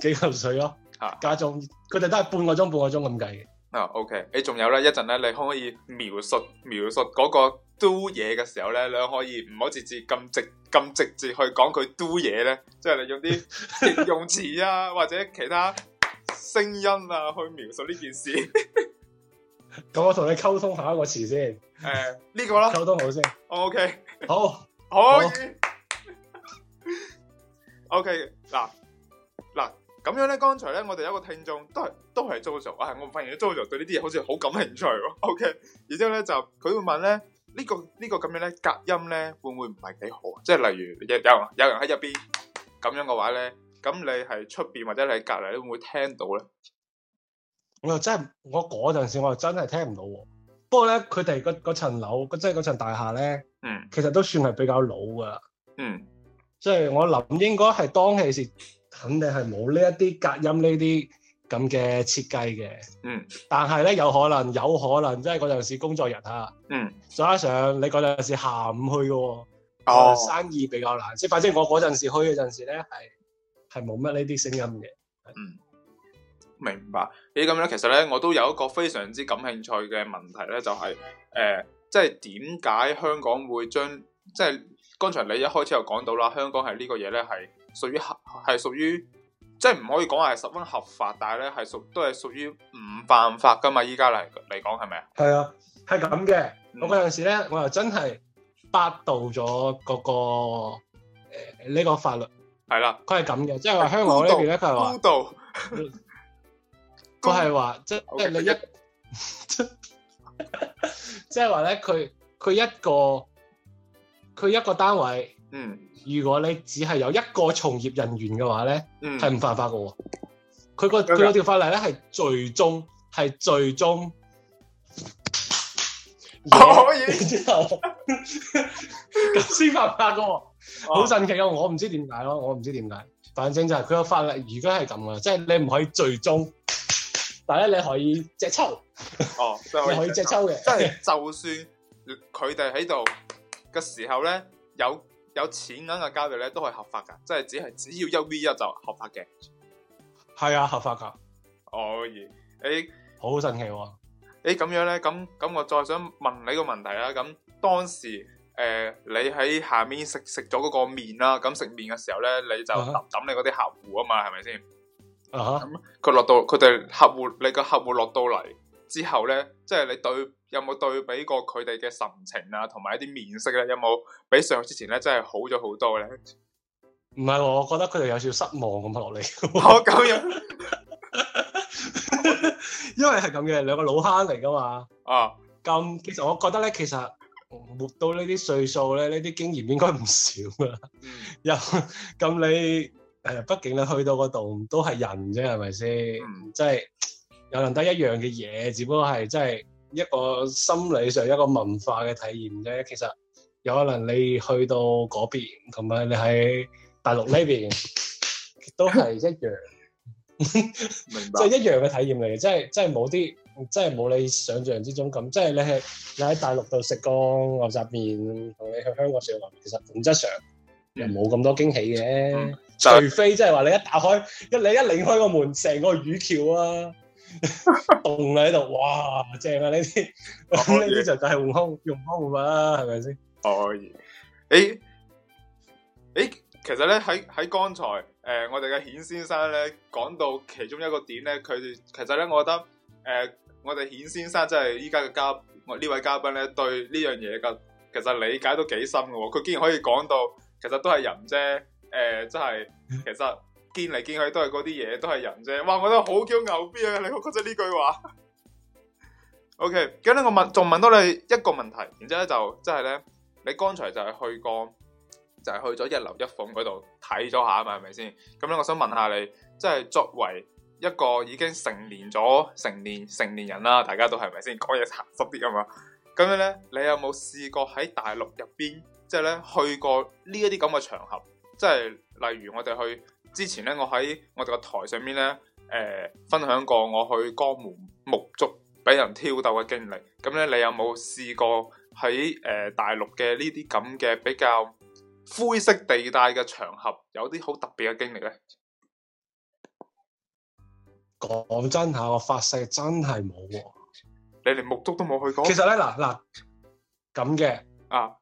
幾口水咯，吓、啊、加鐘，佢哋都係半個鐘半個鐘咁計嘅。啊，OK，呢你仲有咧，一陣咧，你可唔可以描述描述嗰、嗰個、do 嘢嘅時候咧，你可以唔好直接咁直咁直接去講佢 do 嘢咧，即係你用啲用詞啊 *laughs* 或者其他聲音啊去描述呢件事。咁我同你溝通下一個詞先，誒呢個啦，溝通好先，O K，好，可以，O K，嗱，嗱咁樣咧，剛才咧我哋有一個聽眾都係都係 Jojo，啊，我唔發現咗 Jojo 對呢啲嘢，好似好感興趣喎，O K，然之後咧就佢會問咧，呢個呢個咁樣咧隔音咧會唔會唔係幾好？即係例如有有人喺入邊咁樣嘅話咧，咁你係出邊或者你隔籬你會唔會聽到咧？我又真係，我嗰陣時我又真係聽唔到，啊。不過咧，佢哋嗰層樓，即係嗰層大廈咧，嗯、其實都算係比較老噶啦。嗯，即係我諗應該係當其時，肯定係冇呢一啲隔音呢啲咁嘅設計嘅。嗯，但係咧有可能，有可能即係嗰陣時工作日啊。嗯，再加上你嗰陣時下午去嘅，哦，哦生意比較難。即係反正我嗰陣時去嗰陣時咧，係係冇乜呢啲聲音嘅。嗯。明白，咦咁咧，其實咧，我都有一個非常之感興趣嘅問題咧，就係、是、誒、呃，即係點解香港會將即係剛才你一開始又講到啦，香港係呢個嘢咧係屬於合係屬於，即係唔可以講話係十分合法，但係咧係屬都係屬於唔犯法噶嘛，依家嚟嚟講係咪啊？係啊，係咁嘅。我嗰陣時咧，我又真係百度咗嗰個呢、呃呢個法律，係啦的，佢係咁嘅，即係話香港邊呢邊咧，佢話道。道佢係話，即係你一，即係話咧，佢佢一個佢一個單位，嗯，如果你只係有一個從業人員嘅話咧，嗯，係唔犯法嘅。佢個佢個條法例咧係最終係最終可以之後咁先 *laughs* 犯法噶，好神奇啊！我唔知點解咯，我唔知點解，反正就係佢個法例，而家係咁啊！即係你唔可以最終。但係咧，你可以借抽，哦，以可以借抽嘅，即係就算佢哋喺度嘅時候咧，有有錢銀嘅交易咧，都係合法噶，即係只係只要一 V 一就合法嘅，係啊，合法噶，可以、oh, yeah. 欸，誒，好神奇喎、哦，誒、欸，咁樣咧，咁咁我再想問你個問題啦，咁當時誒、呃、你喺下面食食咗嗰個麵啦，咁食麵嘅時候咧，你就抌你嗰啲客戶啊嘛，係咪先？Huh. 啊佢、uh huh. 落到佢哋客戶，你個客戶落到嚟之後咧，即係你對有冇對比過佢哋嘅神情啊，同埋一啲面色咧，有冇比上之前咧，真係好咗好多咧？唔係，我覺得佢哋有少失望咁落嚟。我 *laughs* 咁、oh, 樣， *laughs* 因為係咁嘅，兩個老坑嚟噶嘛。啊、uh.，咁其實我覺得咧，其實活到呢啲歲數咧，呢啲經驗應該唔少噶、啊、啦。又 *laughs* 咁你？係，畢竟你去到嗰度都係人啫，係咪先？嗯、即係有能得一樣嘅嘢，只不過係即係一個心理上一個文化嘅體驗啫。其實有可能你去到嗰邊，同埋你喺大陸呢邊都係一樣，明白，即係一樣嘅體驗嚟嘅。即係即係冇啲，即係冇你想象之中咁。即係你係你喺大陸度食個牛雜麵，同你去香港食，其實本質上又冇咁多驚喜嘅。嗯但 *laughs* 除非即係話你一打開一你一擰開個門，成個雨橋啊，凍你喺度，哇，正啊呢啲，呢啲就就係用方用方方法啦，係咪先？可以，誒誒，其實咧喺喺剛才誒、呃、我哋嘅顯先生咧講到其中一個點咧，佢其實咧我覺得誒、呃、我哋顯先生即係依家嘅嘉呢位嘉賓咧對呢樣嘢嘅其實理解都幾深嘅喎，佢竟然可以講到，其實都係人啫。誒、呃，真係其實見嚟見去都係嗰啲嘢，都係人啫。哇，我覺得好叫牛逼啊！你覺得呢句話？O K，咁咧， *laughs* okay, 我問仲問到你一個問題，然之後咧就即係咧，你剛才就係去過，就係、是、去咗一樓一鳳嗰度睇咗下啊？嘛係咪先？咁咧，我想問下你，即、就、係、是、作為一個已經成年咗、成年成年人啦，大家都係咪先講嘢慘濕啲啊？嘛咁樣咧，你有冇試過喺大陸入邊，即係咧去過呢一啲咁嘅場合？即係例如我哋去之前咧，我喺我哋個台上面咧，誒、呃，分享過我去江門沐足俾人挑逗嘅經歷。咁咧，你有冇試過喺誒、呃、大陸嘅呢啲咁嘅比較灰色地帶嘅場合，有啲好特別嘅經歷咧？講真下，我發誓真係冇，你連沐足都冇去過。其實咧，嗱嗱咁嘅啊。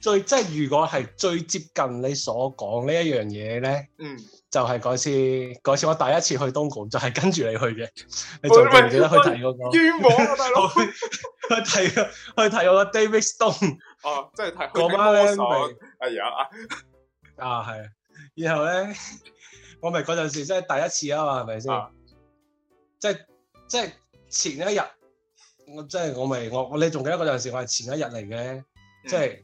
最即係如果係最接近你所講呢一樣嘢咧，嗯，就係嗰次嗰次我第一次去東莞，就係跟住你去嘅，你仲記唔記得去睇嗰、那個、啊？冤枉啊大佬 *laughs* *laughs* 去睇去睇我個 David Stone 哦、啊，即係睇嗰晚咧明，係、哎、啊啊係，然後咧我咪嗰陣時即係第一次啊嘛，係咪先？即係即係前一日，我即係、就是、我咪我我你仲記得嗰陣時我係前一日嚟嘅，即、就、係、是。啊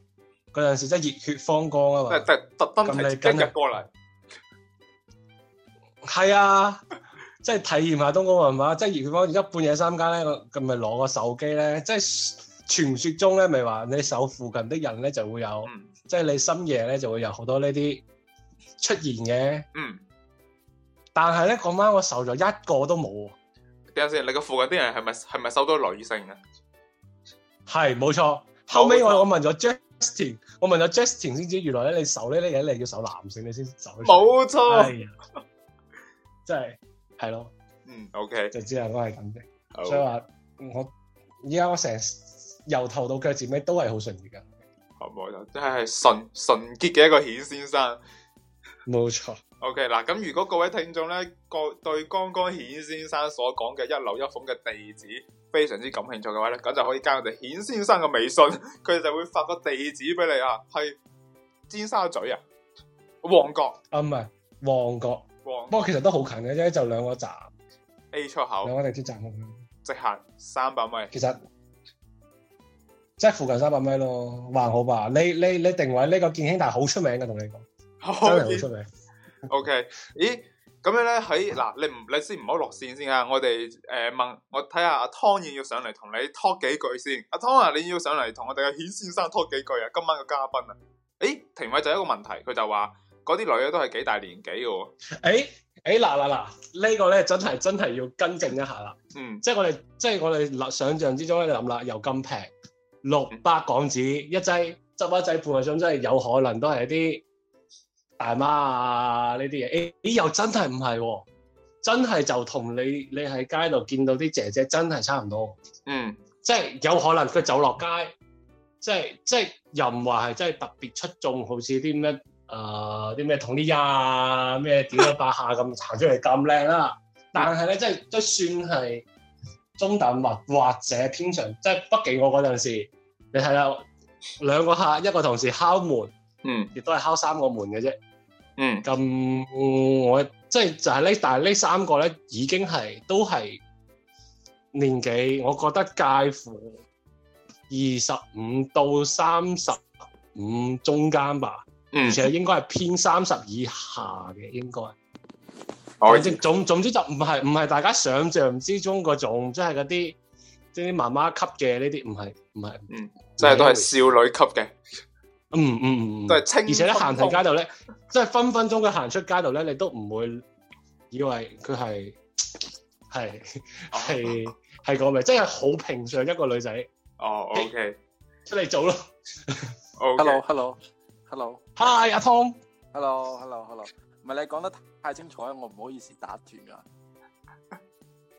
嗰陣時真係熱血方剛啊嘛！特登咁你今日過嚟，係 *laughs* 啊，即係體驗下東哥文化。 *laughs* 即係熱血方，而家半夜三更咧，咁咪攞個手機咧，即係傳說中咧，咪話你搜附近的人咧就會有，嗯、即係你深夜咧就會有好多呢啲出現嘅。嗯，但係咧嗰晚我搜咗一個都冇。等下先，你個附近啲人係咪係咪搜到女性啊？係，冇錯。後尾我我問咗 Jack。 *laughs* 我問阿 Justin 先知，原來咧你守咧咧，你係要守男性，你先守。冇錯，真係係咯，嗯，OK，就只能夠係咁啫。所以話我依家我成日由頭到腳趾尾都係好純潔噶，好唔好？即係純純潔嘅一個顯先生，冇錯。OK 嗱，咁如果各位聽眾咧，個對剛剛顯先生所講嘅一樓一鳳嘅地址。非常之感興趣嘅話咧，咁就可以加我哋顯先生嘅微信，佢就會發個地址俾你啊，係尖沙咀啊，旺角啊唔係旺角，旺角，不過其實都好近嘅，因為就兩個站 A 出口，兩個地鐵站，直行三百米，其實即係附近三百米咯，還好吧？你你你定位呢個建興大好出名嘅，同你講，可以真係好出名。OK，OK，咦？ *laughs* 咁樣咧喺嗱，你唔你先唔好落線先啊！我哋誒、呃、問我睇下阿湯要上嚟同你拖幾句先。阿湯啊，你要上嚟同我哋阿顯先生拖幾句啊！今晚嘅嘉賓啊！誒、欸，庭尉就一個問題，佢就話嗰啲女嘅都係幾大年紀嘅喎。誒嗱嗱嗱，欸喏喏喏喏這個、呢個咧真係真係要更正一下啦。嗯，即係我哋即係我哋諗想象之中你諗啦，又咁平，六百港紙、嗯、一劑，執一劑半個鐘真係有可能都係一啲。大媽啊呢啲嘢，咦、欸、又真係唔係喎？真係就同你你喺街度見到啲姐姐真係差唔多，嗯，即係有可能佢走落街，即係即係又唔話係真係特別出眾，好似啲咩誒啲咩同啲亞咩點咗八下咁行出嚟咁靚啦。 *laughs* 但係咧即係都算係中等物或者偏上，即係畢竟我嗰陣時，你睇下兩個客一個同事敲門，嗯，亦都係敲三個門嘅啫。嗯，咁、嗯、我即係就係、是就是、呢，但係呢三個咧已經係都係年紀，我覺得介乎二十五到三十五中間吧。嗯，其實應該係偏三十以下嘅，應該。哦，總總之就唔係唔係大家想象之中嗰種，即係嗰啲即係啲媽媽級嘅呢啲，唔係唔係，嗯，即係都係少女級嘅。 *laughs* 嗯嗯嗯，而且咧行喺街度咧，即係 *laughs* 分分鐘佢行出街度咧，你都唔會以為佢係係係係講咩？即係好平常一個女仔。哦，OK，出嚟做咯。Hello，Hello，Hello，Hi 阿 Tom。Hello，Hello，Hello，唔係，你講得太清楚，我唔好意思打斷噶。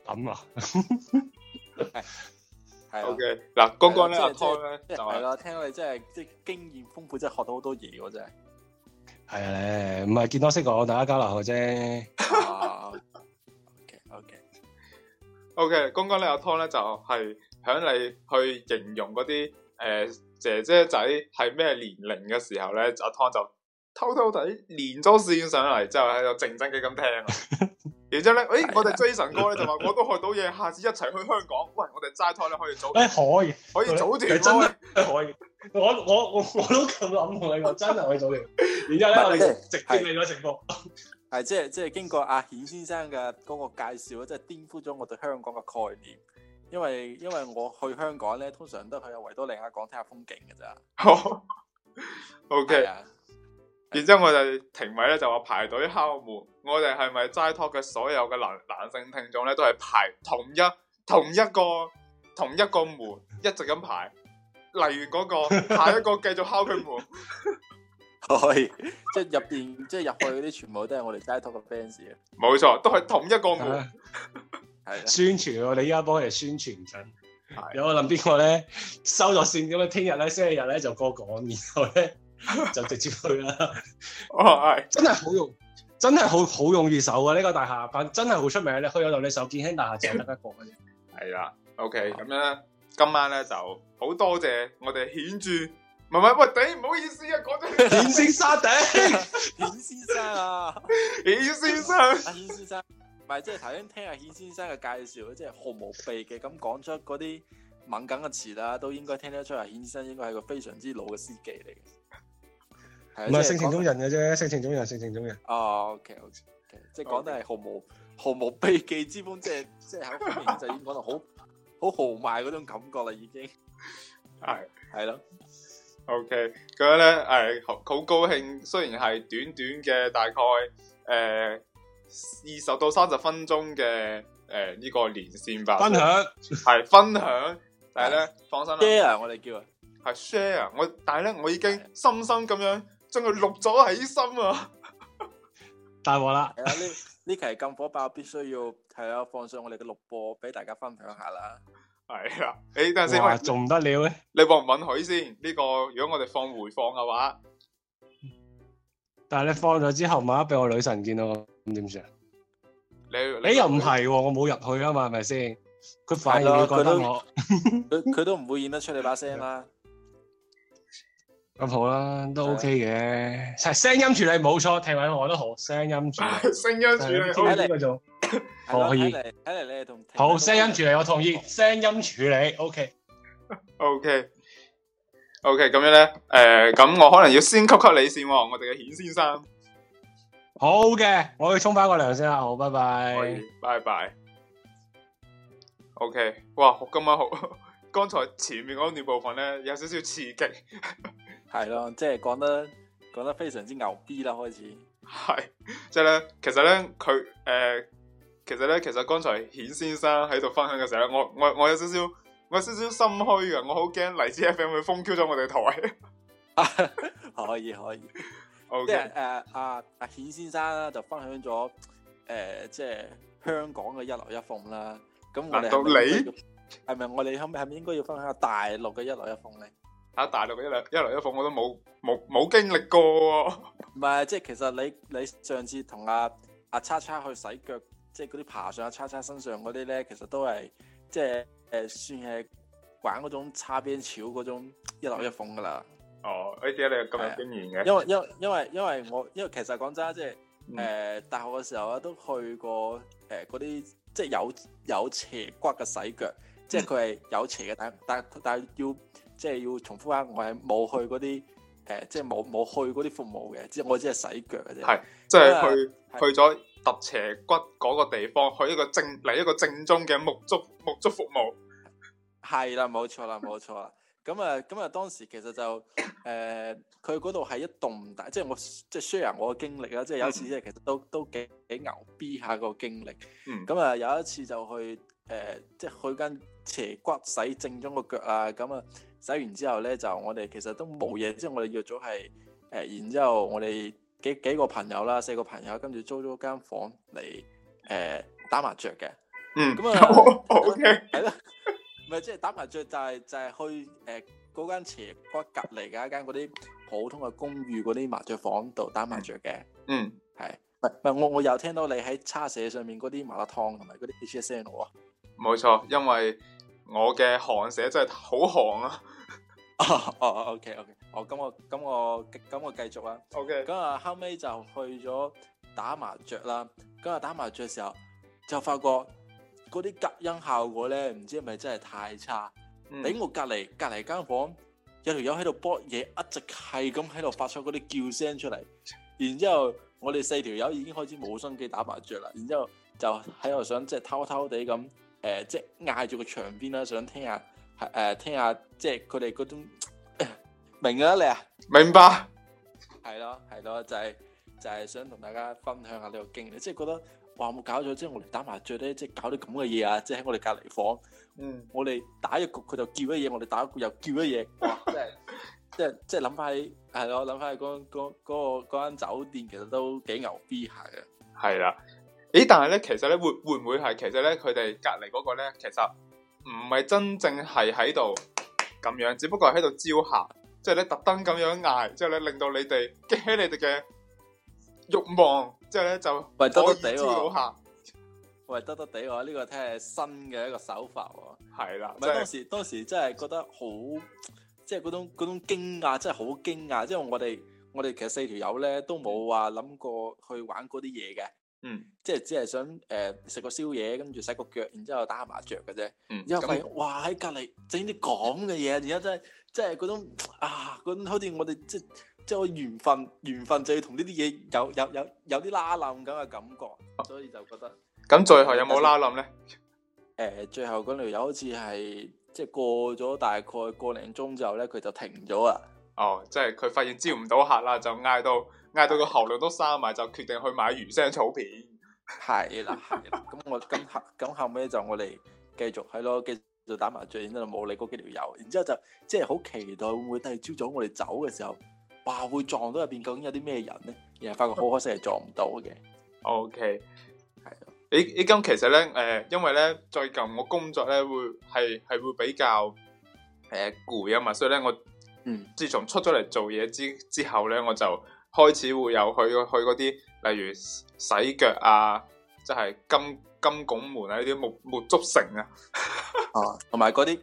咁 *laughs* 啊等了。 *laughs* *laughs* OK 嗱，剛剛呢阿湯咧，就係啦，聽到你真係即係經驗豐富，真係學到好多嘢喎，真係。係啊，唔係見多識廣，大家交流嘅啫。OK OK OK，剛剛呢阿湯咧就係、是、響你去形容嗰啲誒姐姐仔係咩年齡嘅時候咧，阿湯就偷偷地連咗線上嚟，之後喺度靜靜嘅咁聽 *laughs* 然之後咧，誒，我哋 Jason 哥咧就話我都學到嘢，下次一齊去香港，喂，我哋齋 talk 咧可以組，誒，可以可以組團咯，誒，可以，我我我我都咁諗同你講，真係可以組團。然之後咧，我哋直接你個情況，係即係即係經過阿顯先生嘅嗰個介紹咧，即係顛覆咗我對香港嘅概念，因爲因爲我去香港咧，通常都係去維多利亞港睇下風景㗎咋。好，OK，然之後我就停位咧，就話排隊敲門。我哋係咪齋 talk 嘅所有嘅男男性聽眾咧，都係排同一同一個同一個門，一直咁排。例如嗰個下一個繼續敲佢門，可以即係入邊即係入去嗰啲全部都係我哋齋 talk 嘅 fans 啊！冇錯，都係同一個門，係宣傳，我哋依家幫佢哋宣傳緊，有可能邊個咧收咗線咁啊？聽日咧星期日咧就過港，然後咧就直接去啦。哦，係真係好用。 *laughs* 真係好好容易搜啊。呢、這個大廈，真係好出名咧。你去到、okay, 啊、呢度建興大廈淨係得一個嘅啫。係啦，OK，咁樣今晚咧就好多謝我哋顯住，唔係唔係喂，頂唔好意思啊，講咗顯先沙頂，顯先生啊，顯先生，阿顯 *laughs* 先生，唔係即係頭先聽阿顯先生嘅介紹，即、就、係、是、毫無避忌咁講出嗰啲敏感嘅詞啦，都應該聽得出啊，顯先生應該係個非常之老嘅司機嚟。唔係性情中人嘅啫？性情中人，性情中人。哦，OK，OK 即係講得係毫無毫無避忌之風， *laughs* 即係即係喺方面就已經講到好好豪邁嗰種感覺啦，已經係係咯。OK，咁咧，誒，好好高興，雖然係短短嘅大概誒二十到三十分鐘嘅誒呢個連線吧。分享係分享，但係咧放心，share 我哋叫佢係 share，我但係咧我已經深深咁樣。將佢錄咗起身啊！大鑊啦！係啊，呢呢期咁火爆，必須要係啊，放上我哋嘅錄播俾大家分享下啦。係啊，誒，等陣先，仲唔得了咧？你允唔允許先？呢個如果我哋放回放嘅話，但係你放咗之後，萬一俾我女神見到咁點算啊？你你又唔係我冇入去啊嘛？係咪先？佢反而會覺得我佢佢都唔 *laughs* 會演得出你把聲啦。咁好啦，都 OK 嘅。係聲音處理冇錯，聽喎我都好。聲音處理，聲音處理，可以。好聲音處理，我同意。聲音處理，OK，OK，OK。咁樣咧，誒，咁我可能要先 call call 你先，我哋嘅顯先生。好嘅，我要沖翻個涼先啦。好，拜拜。可以，拜拜。OK，哇，今晚好。剛才前面嗰段部分咧，有少少刺激。係咯，即係講得講得非常之牛逼啦！開始係即係咧，其實咧佢誒，其實咧，其實剛才顯先生喺度分享嘅時候，我我我有少少我有少少心虛呀，我好驚嚟自 F M 會封 Q 咗我哋台 *laughs* 可。可以可以，OK，誒阿阿顯先生啦，就分享咗誒、呃、即係香港嘅一樓一鳳啦。咁我哋係咪我哋後尾係咪應該要分享下大陸嘅一樓一鳳咧？啊！大陸一樓一樓一鳳我都冇冇冇經歷過喎。唔係，即係其實你你上次同阿阿叉叉去洗腳，即係嗰啲爬上阿、啊、叉叉身上嗰啲咧，其實都係即係誒、呃、算係玩嗰種擦邊草嗰種一樓一鳳噶啦。哦，呢啲你咁有經驗嘅。因為因因為因為我因為其實講真，即係誒、嗯呃、大學嘅時候啊，都去過誒嗰啲即係有有斜骨嘅洗腳，即係佢係有斜嘅、嗯，但但但係要。即係要重複下、呃，我係冇去嗰啲誒，即係冇冇去嗰啲服務嘅，即只我只係洗腳嘅啫。係，即、就、係、是、去為去咗揼斜骨嗰個地方，去一個正嚟一個正宗嘅沐足沐足服務。係啦，冇錯啦，冇錯啦。咁啊， *laughs* 咁啊，當時其實就誒，佢嗰度係一棟唔大，即係我即係 share 我嘅經歷啦。即係有一次，即係其實都都幾幾牛逼下個經歷。咁啊、嗯，有一次就去誒、呃，即係去間斜骨洗正宗個腳啊，咁啊。洗完之後咧，就我哋其實都冇嘢。之後我哋約咗係誒，然之後我哋幾幾個朋友啦，四個朋友，跟住租咗間房嚟誒打麻雀嘅。嗯，咁啊，O K，係咯，唔係即係打麻雀，就係就係去誒嗰間斜角隔離嘅一間嗰啲普通嘅公寓嗰啲麻雀房度打麻雀嘅。嗯，係，唔我我又聽到你喺叉社上面嗰啲麻辣燙同埋嗰啲 H S N 喎。冇錯，因為我嘅寒舍真係好寒啊！哦，OK，OK，哦，咁我咁我咁我繼續啦。OK，咁啊後尾就去咗打麻雀啦。咁啊打麻雀嘅時候就發覺嗰啲隔音效果咧，唔知係咪真係太差。喺我隔籬隔籬間房有條友喺度博嘢，一直係咁喺度發出嗰啲叫聲出嚟。然之後我哋四條友已經開始冇心機打麻雀啦。然之後就喺度想即係偷偷地咁誒，即係挨住個牆邊啦，想聽下。誒，uh, 聽下即係佢哋嗰種明啊你啊，明白？係咯，係咯，就係就係想同大家分享下呢個經歷，即係覺得哇，冇搞咗，即係我哋打麻雀咧，即係搞啲咁嘅嘢啊，即係喺我哋隔籬房，嗯，我哋打一局佢就叫一嘢，我哋打一局又叫一嘢，哇，真係， *laughs* 即係，即係諗翻起係咯，諗翻起嗰嗰嗰個嗰間酒店其實都幾牛逼下嘅，係啦，咦，但係咧其實咧會會唔會係其實咧佢哋隔籬嗰個咧其實？平息 *laughs* 唔係真正係喺度咁樣，只不過喺度招客，即係咧特登咁樣嗌，之後咧令到你哋激起你哋嘅慾望，之後咧就喂，得得哋我招到客。喂，得得地喎，呢個睇下新嘅一個手法喎。係啦，唔係當時當時真係覺得好，即係嗰種嗰種驚訝，真係好驚訝。因為我哋我哋其實四條友咧都冇話諗過去玩嗰啲嘢嘅。嗯，即係只係想誒食，呃、個宵夜，跟住洗個腳，然之後打下麻雀嘅啫。嗯，之後發、嗯、哇喺隔籬整啲講嘅嘢，而家真係即係嗰種啊，嗰種好似我哋即即係我緣分，緣分就要同呢啲嘢有有有有啲拉冧咁嘅感覺，哦、所以就覺得咁、嗯嗯、最後有冇拉冧咧？誒、呃，最後嗰條友好似係即係過咗大概個零鐘之後咧，佢就停咗啦。哦，oh，即係佢發現招唔到客啦，就嗌到嗌到個喉嚨都沙埋，就決定去買魚腥草片。係啦，係啦。咁我今下咁後尾就我哋繼續係咯，繼續打麻雀，然之後冇理嗰幾條友，然之後就即係好期待會唔會第二朝早我哋走嘅時候，哇會撞到入邊究竟有啲咩人咧？然後發覺好可惜係撞唔到嘅。O K，係咯。咦，咁其實咧，誒、呃，因為咧最近我工作咧會係係會比較誒攰啊嘛，所以咧我。嗯，自從出咗嚟做嘢之之後咧，我就開始會有去去嗰啲，例如洗腳啊，即係金金拱門啊，呢啲沐沐足城啊，哦、 *laughs* 啊，同埋嗰啲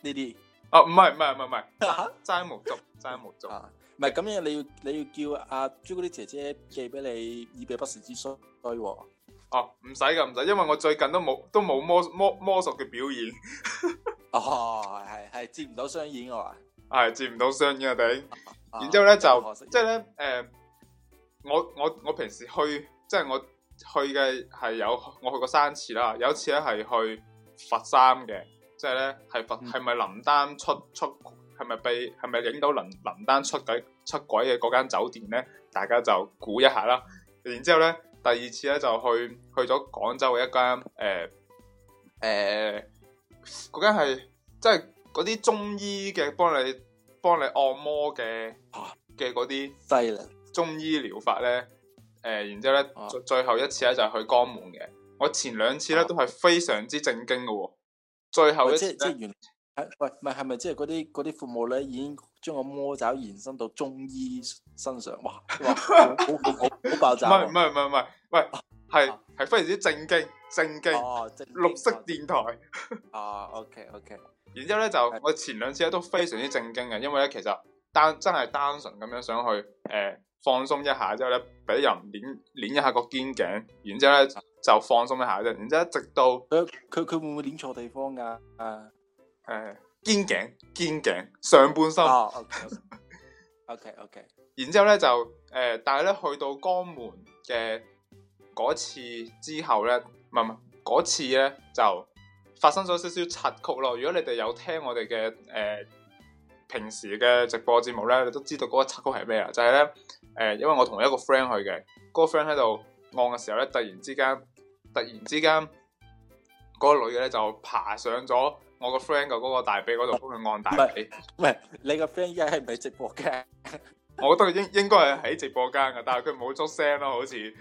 呢啲， *laughs* 啊唔係唔係唔係唔係，齋沐足齋沐足，唔係咁樣，你要你要叫阿、啊、朱古力姐姐寄俾你以備不時之需，對哦，唔使㗎唔使，因為我最近都冇都冇魔魔魔術嘅表演， *laughs* 哦，係係接唔到雙演我。係接唔到相嘅頂， *laughs* 然之後咧就 *laughs* 即係咧，誒、呃，我我我平時去，即係我去嘅係有我去過三次啦，有一次咧係去佛山嘅，即係咧係佛係咪林丹出出係咪被係咪影到林林丹出軌出軌嘅間酒店咧，大家就估一下啦。然之後咧第二次咧就去去咗廣州嘅一間誒誒、呃呃、間係即係啲中醫嘅幫你。幫你按摩嘅嘅嗰啲低啦，中醫療法咧，誒、呃，然之後咧，最後一次咧就係去肛門嘅。我前兩次咧都係非常之正經嘅、哦，最後一次即係即係原喂，唔係係咪即係嗰啲啲服務咧已經將我魔爪延伸到中醫身上？哇哇，好好 *laughs* 好，好，好，好爆炸、哦！唔係唔係唔係唔係，喂，係係、啊、非常之正經正經，正經啊、正經綠色電台啊，啊，OK OK。然之後咧就我前兩次咧都非常之正經嘅，因為咧其實單真係單純咁樣想去誒、呃、放鬆一下，之後咧俾人捻捻一下個肩頸，然之後咧就放鬆一下啫。然之後直到佢佢佢會唔會捻錯地方噶、啊？啊、uh, 誒、呃、肩頸肩頸上半身。O K O K。然之後咧就誒、呃，但係咧去到江門嘅嗰次之後咧，唔唔嗰次咧就。發生咗少少插曲咯，如果你哋有聽我哋嘅誒平時嘅直播節目咧，你都知道嗰個插曲係咩啊？就係咧誒，因為我同一個 friend 去嘅，嗰個 friend 喺度按嘅時候咧，突然之間，突然之間，嗰個女嘅咧就爬上咗我個 friend 嘅嗰個大髀嗰度幫佢按大髀。唔係、哎哎，你個 friend 依家係咪直播嘅？ *laughs* 我覺得應應該係喺直播間嘅，但係佢冇捉聲咯，好似。 *laughs*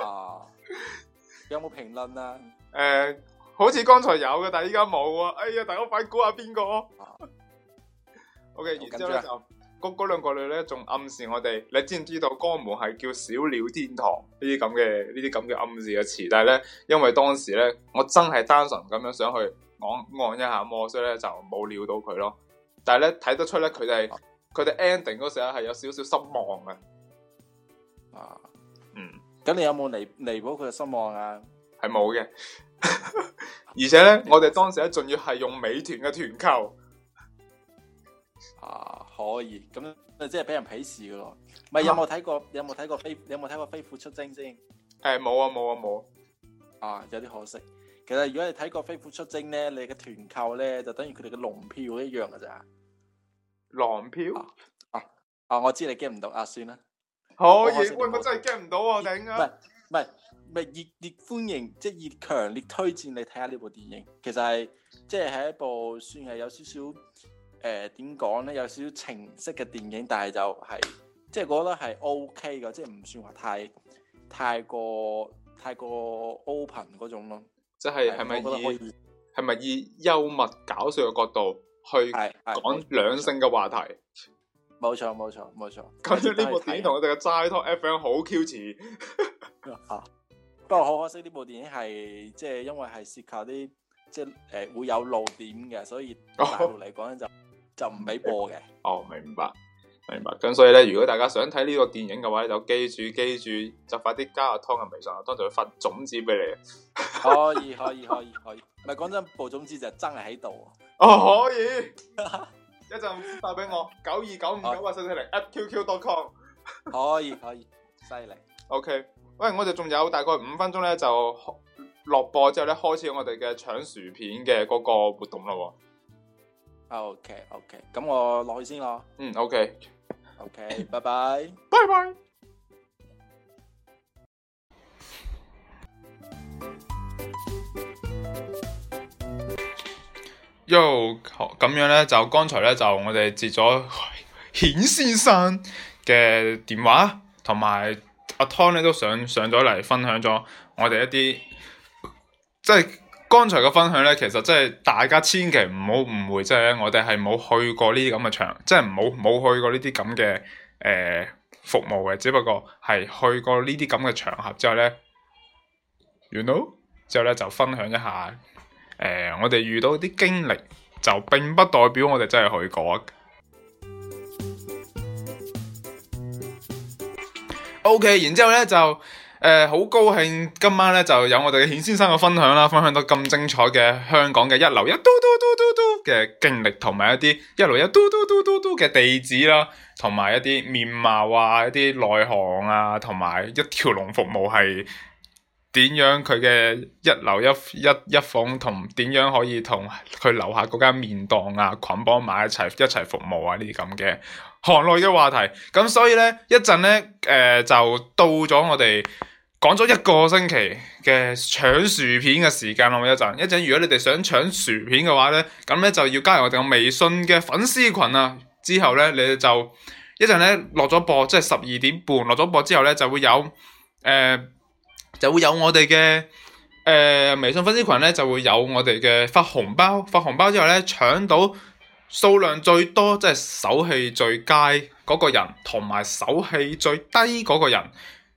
啊！有冇評論啊？誒、 *laughs* 呃。好似剛才有嘅，但係依家冇啊！哎呀，大家快估下邊個？OK，然之後咧就嗰嗰兩個女咧，仲暗示我哋，你知唔知道江門係叫小鳥天堂呢啲咁嘅呢啲咁嘅暗示嘅詞？但係咧，因為當時咧，我真係單純咁樣想去按按一下摩，所以咧就冇撩到佢咯。但係咧睇得出咧，佢哋佢哋 ending 嗰時咧係有少少失望嘅。啊，嗯，咁你有冇彌彌補佢嘅失望啊？係冇嘅。 *laughs* 而且咧呢，啊、我哋當時咧仲要係用美團嘅團購啊，可以咁即係俾人鄙視噶咯。咪、啊、有冇睇過有冇睇過飛有冇睇過飛虎出征先？誒、欸，冇啊冇啊冇啊，有啲可惜。其實如果你睇過飛虎出征咧，你嘅團購咧就等於佢哋嘅龍票一樣噶咋。龍票啊啊！我知你 get 唔到啊，算啦。可以，喂、我真係 get 唔到啊，頂啊！啊唔係唔係熱烈歡迎，即、就、係、是、熱、熱強烈推薦你睇下呢部電影。其實係即係係一部算係有少少誒點講咧，有少少情色嘅電影，但係就係即係覺得係 OK 嘅，即係唔算話太太過太過 open 嗰種咯。即係係咪以係咪以幽默搞笑嘅角度去講兩性嘅話題？冇錯冇錯冇錯。咁呢部電影同我哋嘅齋 talk FM 好 Q 似。 *laughs* 啊！不過好可惜，呢部電影係即係因為係涉及啲即係誒會有露點嘅，所以大陸嚟講就就唔俾播嘅。哦，明白明白。咁所以咧，如果大家想睇呢個電影嘅話，就記住記住，就快啲加阿湯嘅微信，我當陣會發種子俾你。可以可以可以可以。唔係講真，部種子就真係喺度。哦，可以，一陣發俾我九二九五九八四四零 @qq.com。可以可以，犀利。OK。喂，我哋仲有大概五分鐘咧，就落播之後咧，開始我哋嘅搶薯片嘅嗰個活動啦。哦 okay, okay. 嗯。OK OK，咁我落去先咯。嗯 OK OK，拜拜拜拜。Yo，咁樣咧就剛才咧就我哋接咗顯先生嘅電話，同埋。阿 Tom 咧都上上咗嚟分享咗我哋一啲，即係剛才嘅分享咧，其實即係大家千祈唔好誤會，即、就、係、是、我哋係冇去過呢啲咁嘅場，即係冇冇去過呢啲咁嘅誒服務嘅，只不過係去過呢啲咁嘅場合之後咧，o w 之後咧就分享一下，誒、呃，我哋遇到啲經歷就並不代表我哋真係去過。O、okay, K，然之後咧就誒，好、呃、高興今晚咧就有我哋嘅顯先生嘅分享啦，分享到咁精彩嘅香港嘅一流一嘟嘟嘟嘟嘟嘅經歷，同埋一啲一流一嘟嘟嘟嘟嘟嘅地址啦，同埋一啲面貌啊，一啲內行啊，同埋一條龍服務係點樣，佢嘅一樓一一一房同點樣可以同佢樓下嗰間麵檔啊捆綁埋一齊一齊服務啊呢啲咁嘅。這行內嘅話題，咁所以咧一陣咧，誒、呃、就到咗我哋講咗一個星期嘅搶薯片嘅時間咯，一陣一陣，如果你哋想搶薯片嘅話咧，咁咧就要加入我哋嘅微信嘅粉絲群啊，之後咧你哋就一陣咧落咗播，即係十二點半落咗播之後咧就會有，誒、呃、就會有我哋嘅，誒、呃、微信粉絲群咧就會有我哋嘅發紅包，發紅包之後咧搶到。數量最多，即係手氣最佳嗰個人，同埋手氣最低嗰個人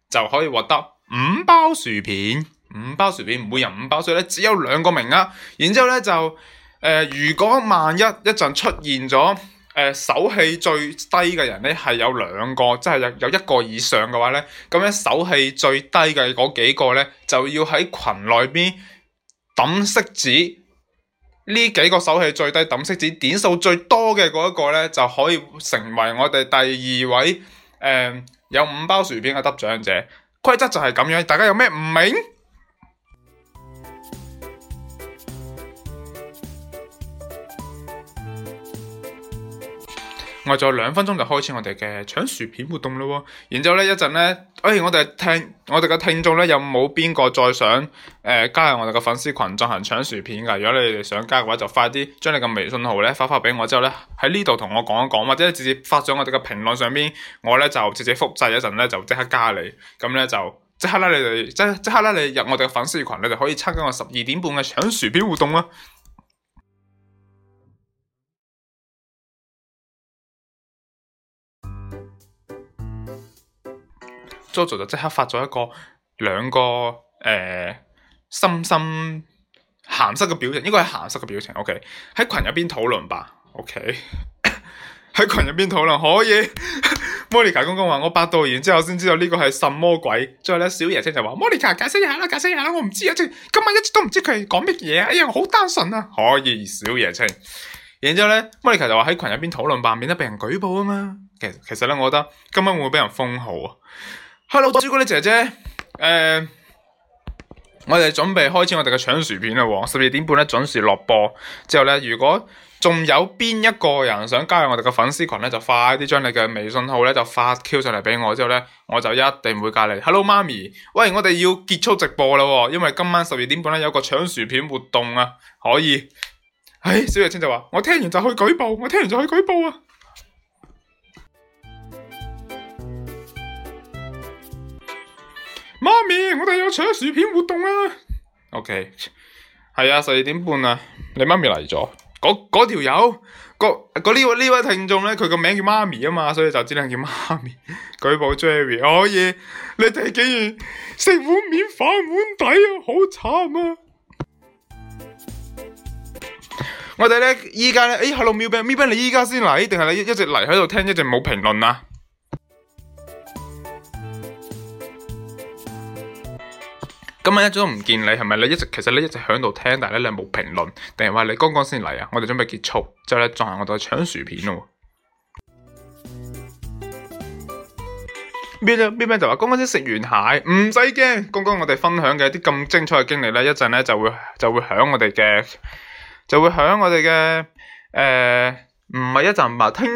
就可以獲得五包薯片。五包薯片，每人五包。所以咧，只有兩個名額。然之後咧就誒、呃，如果萬一一陣出現咗誒、呃、手氣最低嘅人咧，係有兩個，即係有有一個以上嘅話咧，咁樣手氣最低嘅嗰幾個咧就要喺群內邊抌骰子。呢幾個手氣最低抌色子點數最多嘅嗰一個咧，就可以成為我哋第二位誒、呃、有五包薯片嘅得獎者。規則就係咁樣，大家有咩唔明？我仲有兩分鐘就開始我哋嘅搶薯片活動咯。喎，然之後呢一陣呢，哎我哋聽我哋嘅聽眾呢，有冇邊個再想誒、呃、加入我哋嘅粉絲群進行搶薯片㗎？如果你哋想加嘅話，就快啲將你嘅微信號呢發發俾我，之後呢，喺呢度同我講一講，或者直接發上我哋嘅評論上邊，我呢就直接複製一陣呢，就即刻加你，咁呢，就即刻咧你哋即即刻咧你入我哋嘅粉絲群，你就可以參加我十二點半嘅搶薯片活動啊！jojo 就即刻發咗一個兩個誒、呃、深深鹹濕嘅表情，應該係鹹濕嘅表情。O K 喺群入邊討論吧。O K 喺群入邊討論可以。 *laughs* Monica 公公話我百度完之後先知道呢個係什麼鬼。之後咧小爺青就話 Monica 解釋一下啦，解釋一下啦，我唔知啊、即今晚一直都唔知佢講乜嘢。哎呀，我好單純啊，可以小爺青。然之後咧 Monica 就話喺群入邊討論吧，免得被人舉報啊嘛。其實其實咧，我覺得今晚會唔會俾人封號啊？Hello，朱古力姐姐，誒、欸，我哋準備開始我哋嘅搶薯片啦、哦，十二點半咧準時落播，之後咧如果仲有邊一個人想加入我哋嘅粉絲群咧，就快啲將你嘅微信號咧就發 Q 上嚟俾我，之後咧我就一定會加你。Hello，媽咪，喂，我哋要結束直播啦、哦，因為今晚十二點半咧有個搶薯片活動啊，可以？哎，小葉清就話，我聽完就去舉報，我聽完就去舉報啊。媽咪，我哋有扯薯片活動啊！OK，係啊，十二點半啊。你媽咪嚟咗，嗰嗰條友，嗰、嗰個嗰個嗰個嗰個、呢位呢位聽眾咧，佢個名叫媽咪啊嘛，所以就只能叫媽咪 *laughs* 舉報 Jerry。可以，你哋竟然食碗面反碗底啊？好慘啊！ *music* 我哋咧，依家咧，誒、哎，Hello，Miu Ben，Miu Ben，你依家先嚟定係你一直嚟喺度聽，一直冇評論啊？今日一早都唔見你，係咪你一直其實你一直響度聽，但係咧你冇評論，定係話你剛剛先嚟啊？我哋準備結束之後咧，進行我哋搶薯片咯。邊邊就話剛剛先食完蟹，唔使驚。剛剛我哋分享嘅啲咁精彩嘅經歷咧，一陣咧就會就會響我哋嘅就會響我哋嘅誒，唔係一陣吧，聽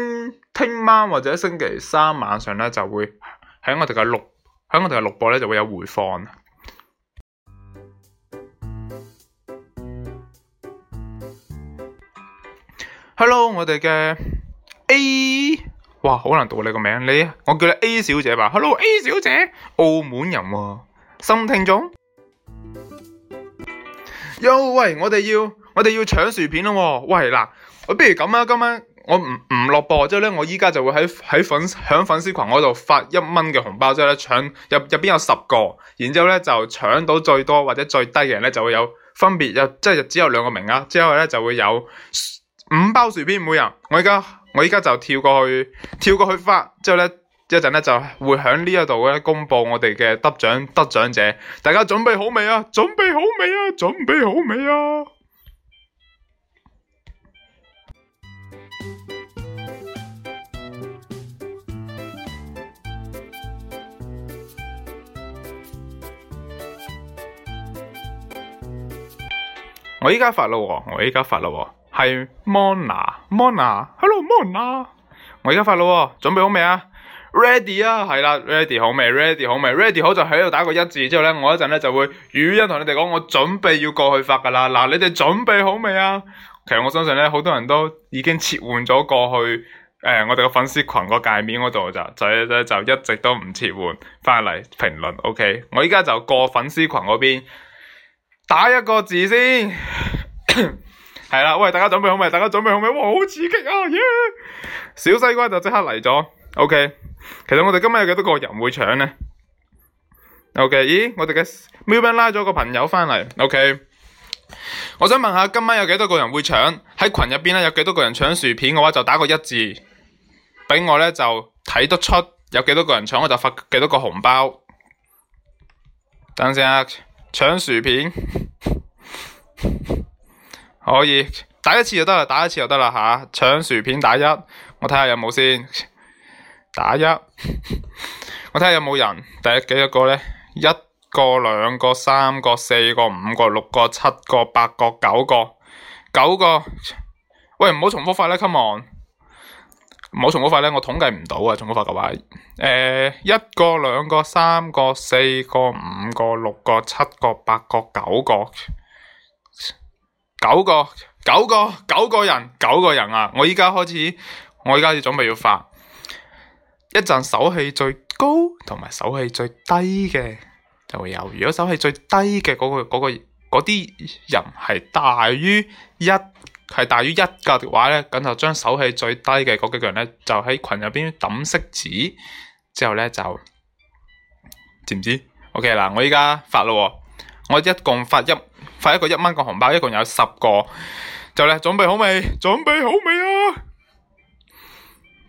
聽晚或者星期三晚上咧就會喺我哋嘅錄喺我哋嘅錄播咧就會有回放。Hello，我哋嘅 A，哇，好難讀你個名，你我叫你 A 小姐吧。Hello，A 小姐，澳門人喎，哦，新聽眾。喲喂，我哋要我哋要搶薯片咯，哦，喂嗱，我不如咁啊，今晚我唔唔落播，之後咧我依家就會喺喺粉響粉，粉絲群嗰度發一蚊嘅紅包，之後咧搶入入邊有十個，然之後咧就搶到最多或者最低嘅人咧就會有分別有，即係只有兩個名額，之後咧就會有。五包薯片每人，我而家我而家就跳過去跳過去發，之後咧一陣咧就會喺呢一度咧公布我哋嘅得獎得獎者，大家準備好未啊？準備好未啊？準備好未啊？我而家發啦喎，我而家發啦喎。係 Mona，Mona，Hello，Mona，我而家發啦，哦，準備好未啊？Ready 啊，係啦，Ready 好未？Ready 好未？Ready 好就喺度打個一字，之後咧，我一陣咧就會語音同你哋講，我準備要過去發噶啦。嗱，你哋準備好未啊？其實我相信咧，好多人都已經切換咗過去，誒、呃，我哋嘅粉絲群個界面嗰度就就就就一直都唔切換翻嚟評論。OK，我而家就過粉絲群嗰邊打一個字先。 *coughs* 係啦，喂，大家準備好未？大家準備好未？哇，好刺激啊！Yeah! 小西瓜就即刻嚟咗。OK，其實我哋今晚有幾多個人會搶呢？OK，咦，我哋嘅喵兵拉咗個朋友翻嚟。OK，我想問下今晚有幾多個人會搶？喺群入邊咧有幾多個人搶薯片嘅話就打個一字，俾我咧就睇得出有幾多個人搶，我就發幾多個紅包。等先啊，搶薯片。 *laughs* 可以打一次就得啦，打一次就得啦吓。搶薯片打一，我睇下有冇先。打一， *laughs* 我睇下有冇人。第一幾多個呢？一個、兩個、三個、四個、五個、六個、七個、八個、九個。九個。喂，唔好重複快啦，Come on！唔好重複快呢，我統計唔到啊，重複快嘅位。誒、呃，一個、兩個、三個、四個、五個、六個、七個、八個、九個。九個，九個，九個人，九個人啊！我而家開始，我而家要準備要發一陣手氣最高同埋手氣最低嘅就會有。如果手氣最低嘅嗰個嗰個嗰啲人係大於一，係大於一格嘅話咧，咁就將手氣最低嘅嗰幾個人咧就喺群入邊抌色子，之後咧就知唔知？OK 啦，我而家發啦，我一共發一。發一個一蚊個紅包，一共有十個。就咧，準備好未？準備好未啊？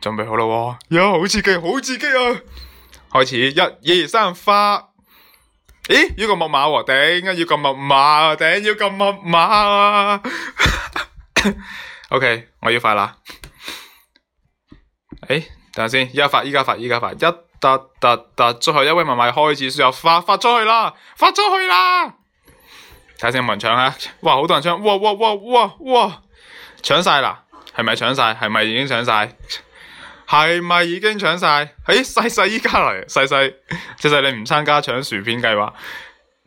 準備好啦！哇，又好刺激，好刺激啊！開始，一、二、三、發。咦？要個密碼喎，頂！要個密碼，頂！要個密碼啊！O K，我要發啦。誒，等下先，依家發，依家發，依家發。一、噠、噠、噠，最後一位密碼開始輸入發，發出去啦，發出去啦。睇下先有冇人搶吓，哇！好多人搶，哇哇哇哇哇，搶晒啦，係咪搶晒？係咪已經搶晒？係咪已經搶晒？誒、欸，細細依家嚟，細細，細細你唔參加搶薯片計劃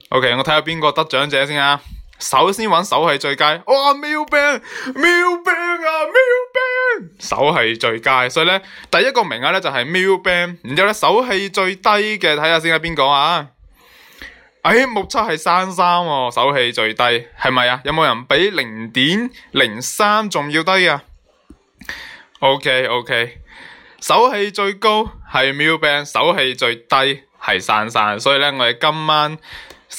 ，OK，我睇下邊個得獎者先啊。首先揾手氣最佳，哇！喵餅，喵餅啊，喵餅，手氣最佳，所以咧第一個名額咧就係喵餅。然之後咧手氣最低嘅，睇下先喺、啊、邊個啊。哎，目測係三三喎，手氣最低，係咪啊？有冇人比零點零三仲要低啊？OK，OK，手氣最高係 Mill Band，手氣最低係散散。所以咧，我哋今晚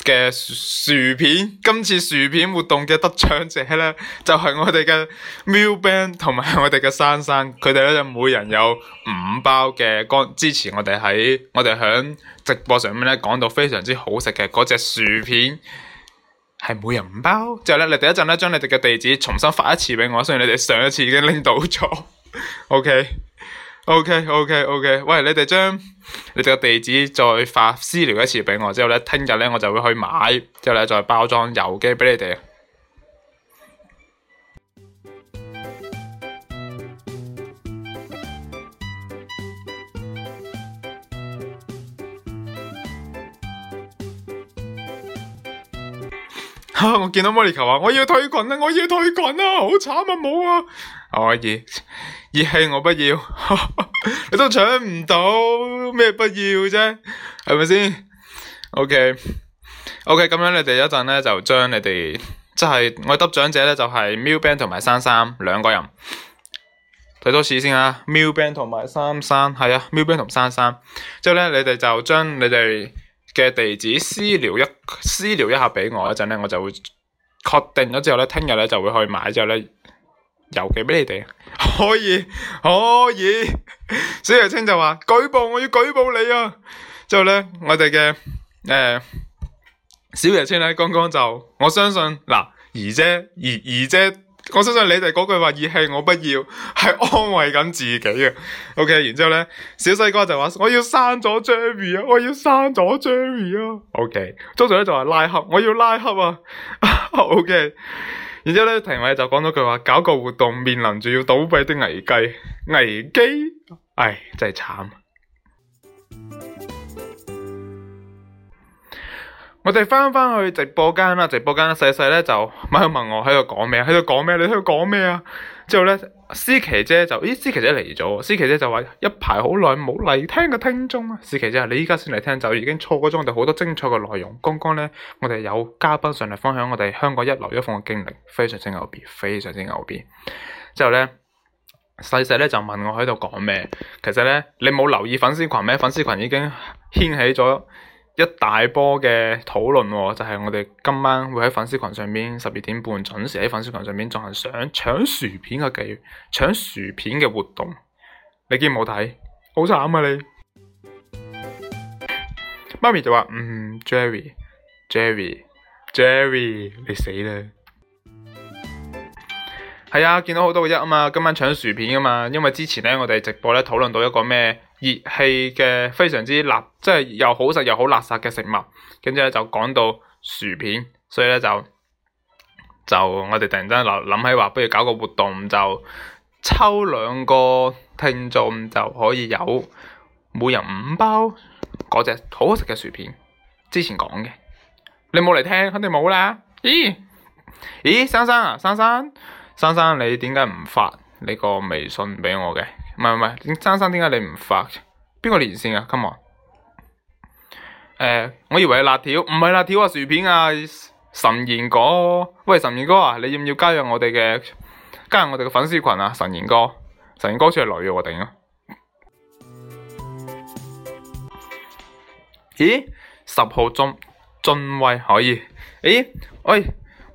嘅薯片，今次薯片活動嘅得獎者咧，就係我哋嘅喵 Ben 同埋我哋嘅珊珊。佢哋咧就每人有五包嘅干，之前我哋喺我哋響直播上面咧講到非常之好食嘅嗰隻薯片，係每人五包。之後咧，你第一陣咧將你哋嘅地址重新發一次俾我，雖然你哋上一次已經拎到咗 *laughs* ，OK。O K O K O K，喂，okay, okay, okay. Wait, 你哋將你哋個地址再發私聊一次俾我，之後咧，聽日咧，我就會去買，之後咧，再包裝郵寄俾你哋。吓， *noise* *noise* *laughs* 我見到茉莉球話，我要退群啦，我要退群啦，好慘啊，冇啊， *laughs* 可以。熱氣我不要，你都搶唔到，咩不要啫？係咪先？OK，OK，咁樣你哋一陣咧就將你哋即係我得獎者咧就係 Milband 同埋珊珊兩個人，睇多次先啊！Milband 同埋珊珊，係啊，Milband 同珊珊，之後咧你哋就將你哋嘅地址私聊一私聊一下俾我，一陣咧我就會確定咗之後咧聽日咧就會去買之後咧。郵寄畀你哋，可以可以。小爺青就話舉報，我要舉報你啊。之後呢，我哋嘅誒小爺青呢，剛剛就我相信嗱，姨姐姨姨姐，我相信你哋嗰句話義氣我不要，係安慰緊自己嘅。OK，然之後咧，小細哥就話我要刪咗 Jamie 啊，我要刪咗 Jamie 啊。OK，通常咧就話拉黑，我要拉黑啊。 *laughs* OK。然之後咧，評委就講咗句話，搞個活動面臨住要倒閉的危機，危機，唉、哎，真係慘。 *music* 我哋翻翻去直播間啦，直播間細細咧就問問我喺度講咩，喺度講咩，你喺度講咩啊？之後咧，思琪姐就，咦，思琪姐嚟咗，思琪姐就話一排好耐冇嚟聽嘅聽眾啊，思琪姐，你而家先嚟聽就已經錯過咗，我哋好多精彩嘅內容。剛剛咧，我哋有嘉賓上嚟分享我哋香港一樓一鳳嘅經歷，非常之牛逼，非常之牛逼。之後咧，細細咧就問我喺度講咩，其實咧你冇留意粉絲群咩？粉絲群已經掀起咗，一大波嘅討論喎、哦，就係、是、我哋今晚會喺粉絲群上面，十二點半準時喺粉絲群上面進行搶搶薯片嘅技搶薯片嘅活動。你見冇睇？好慘啊你！ *music* 媽咪就話：嗯，Jerry，Jerry，Jerry，Jerry, Jerry，你死啦！係 *music* 啊，見到好多個一啊嘛，今晚搶薯片啊嘛，因為之前咧我哋直播咧討論到一個咩？熱氣嘅非常之辣，即係又好食又好垃圾嘅食物，跟住咧就講到薯片，所以咧就就我哋突然之間諗諗起話，不如搞個活動，就抽兩個聽眾就可以有每人五包嗰隻好好食嘅薯片。之前講嘅，你冇嚟聽，肯定冇啦。咦咦，珊珊啊，珊珊，珊珊，你點解唔發呢個微信俾我嘅？唔係唔係，生生點解你唔發？邊個連線啊今日？誒、呃，我以為係辣條，唔係辣條啊，薯片啊，神賢哥，喂，神賢哥啊，你要唔要加入我哋嘅加入我哋嘅粉絲群啊？神賢哥，神賢哥好、啊，好似係女嘅我頂啊咦，十號中進位可以？誒，喂，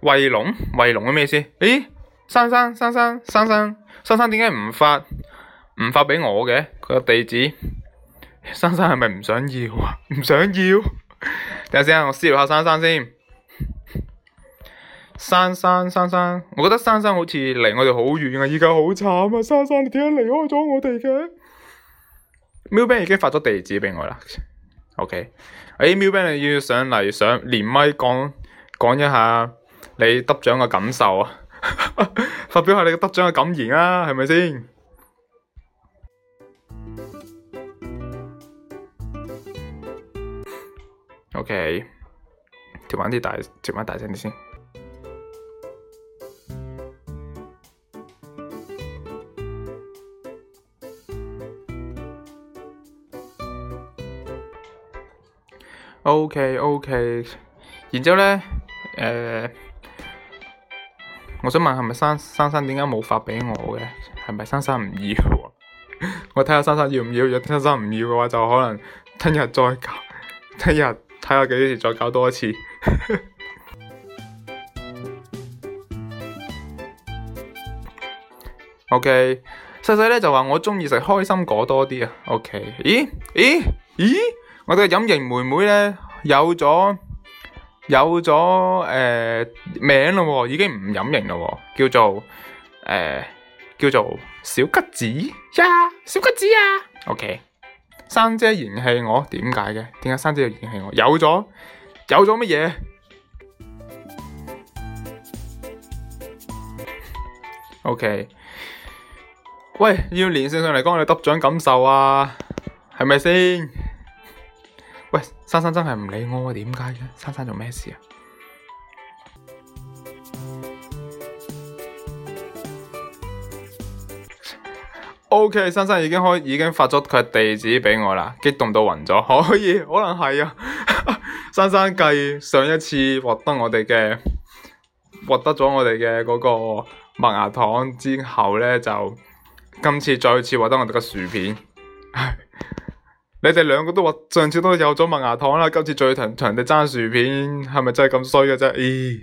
衛龍，衛龍係咩意思？誒，生生，生生，生生，生生點解唔發？唔發俾我嘅，佢個地址。珊珊係咪唔想要啊？唔想要。等下先，我騷擾下珊珊先。珊珊，珊珊，我覺得珊珊好似離我哋好遠啊！而家好慘啊！珊珊，你點解離開咗我哋嘅？喵兵已經發咗地址俾我啦。O K，誒，喵兵你要上嚟上連麥講講一下你得獎嘅感受啊！發表下你嘅得獎嘅感言啊，係咪先？O K，調翻啲大，調翻大聲啲先。O K O K，然之後咧，誒，我想問係咪珊珊珊點解冇發畀我嘅？係咪珊珊唔要 *laughs* 我睇下珊珊要唔要。若係珊珊唔要嘅話，就可能聽日再搞。聽日。睇下幾時再搞多一次。 *laughs* OK，細細咧就話我鍾意食開心果多啲，okay 呃呃 yeah, 啊。OK，咦咦咦，我哋隱形妹妹咧有咗有咗誒名咯，已經唔隱形咯，叫做誒叫做小橘子呀，小橘子呀。OK。生姐嫌棄我，點解嘅？點解生姐又嫌棄我？有咗，有咗乜嘢？OK，喂，要連線上嚟講我哋得獎感受啊，係咪先？喂，珊珊真係唔理我啊，點解嘅？珊珊做咩事啊？O、okay, K，珊珊已經開，已經發咗佢地址畀我啦，激動到暈咗。可以，可能係啊。 *laughs* 珊珊繼上一次獲得我哋嘅獲得咗我哋嘅嗰個麥芽糖之後咧，就今次再次獲得我哋嘅薯片。 *laughs* 你哋兩個都話上次都有咗麥芽糖啦，今次再同同人哋爭薯片，係咪真係咁衰㗎啫？咦！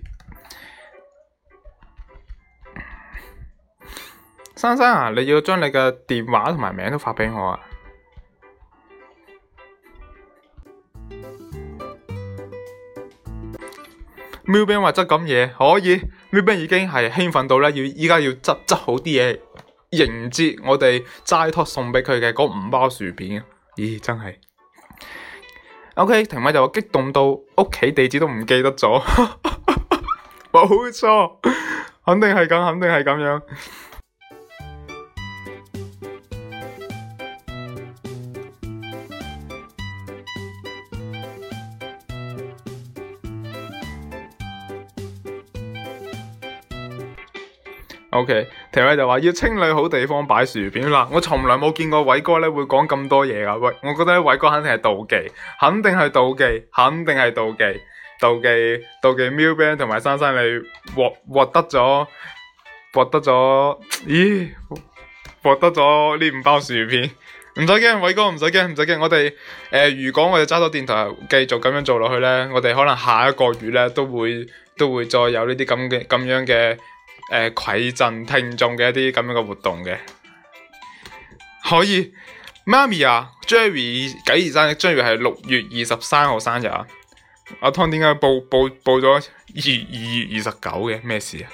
珊珊啊，你要將你嘅電話同埋名都發俾我啊！喵兵話執咁嘢可以，喵兵已經係興奮到咧，要依家要執執好啲嘢迎接我哋齋 talk 送俾佢嘅嗰五包薯片，咦，真係，OK，婷妹就激動到屋企地址都唔記得咗，冇 *laughs* 錯沒錯， *laughs* 肯定係咁，肯定係咁樣。O.K.，條友就話要清理好地方擺薯片啦。我從來冇見過偉哥咧會講咁多嘢噶，喂！我覺得偉哥肯定係妒忌，肯定係妒忌，肯定係妒忌，妒忌妒忌。Miu Ben 同埋珊珊你獲獲得咗，獲得咗，咦？獲得咗呢五包薯片。唔使驚，偉哥唔使驚，唔使驚。我哋誒、呃，如果我哋揸到電台，繼續咁樣做落去咧，我哋可能下一個月咧都會都會再有呢啲咁嘅咁樣嘅。誒，饋贈、呃、聽眾嘅一啲咁樣嘅活動嘅，可以媽媽、啊。媽咪啊，Jerry，幾時生日？Jerry 係六月二十三號生日啊。阿、啊、湯點解報報報咗二二月二十九嘅？咩事啊？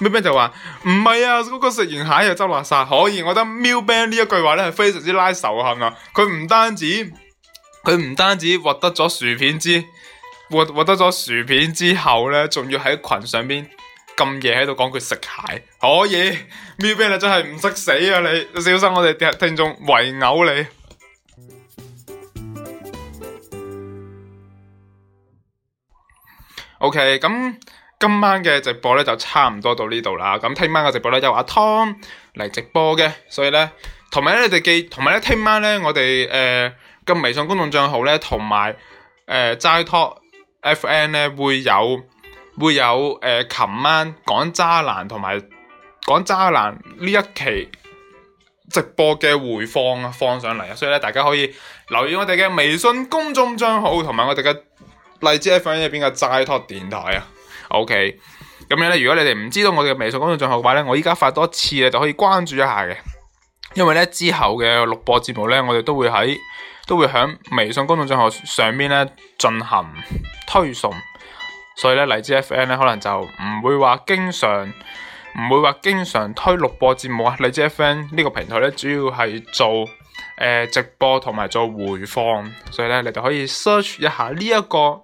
喵 Ben *music* 就話唔係啊，嗰個食完蟹又執垃圾，可以。我覺得喵 Ben 呢一句話咧係非常之拉仇恨啊。佢唔單止，佢唔單止獲得咗薯片支。獲獲得咗薯片之後咧，仲要喺群上邊咁夜喺度講佢食蟹，可、oh、以、yeah, Miu Ben 你真係唔識死啊你，小心我哋聽聽眾圍毆你。OK，咁今晚嘅直播咧就差唔多到呢度啦，咁聽晚嘅直播咧有阿湯嚟直播嘅，所以咧，同埋咧你哋記，同埋咧聽晚咧我哋誒嘅微信公眾賬號咧，同埋誒齋托 FM 咧會有會有誒，琴、呃、晚講渣男同埋講渣男呢一期直播嘅回放啊，放上嚟啊，所以咧大家可以留意我哋嘅微信公眾帳號同埋我哋嘅荔枝 FM 入邊嘅齋托電台啊。OK，咁樣咧，如果你哋唔知道我哋嘅微信公眾帳號嘅話咧，我依家發多次啊，就可以關注一下嘅。因為咧之後嘅錄播節目咧，我哋都會喺。都會喺微信公眾賬號上面咧，進行推送，所以咧荔枝 FM 咧可能就唔會話經常，唔會話經常推錄播節目啊。荔枝 FM 呢個平台咧主要係做誒、呃、直播同埋做回放，所以咧你就可以 search 一下呢一個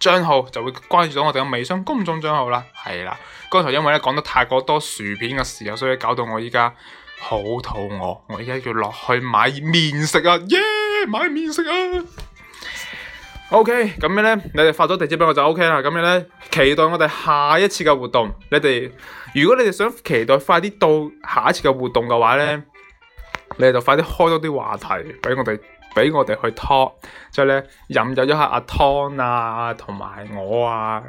賬號就會關注到我哋嘅微信公眾賬號啦。係啦，剛才因為咧講得太過多薯片嘅時候，所以搞到我依家好肚餓，我依家要落去買麵食啊！Yeah! 買麵食啊！OK，咁樣咧，你哋發咗地址俾我就 OK 啦。咁樣咧，期待我哋下一次嘅活動。你哋如果你哋想期待快啲到下一次嘅活動嘅話咧，嗯、你哋就快啲開多啲話題俾我哋，俾我哋去 talk，之後咧飲咗一下阿湯啊，同埋我啊，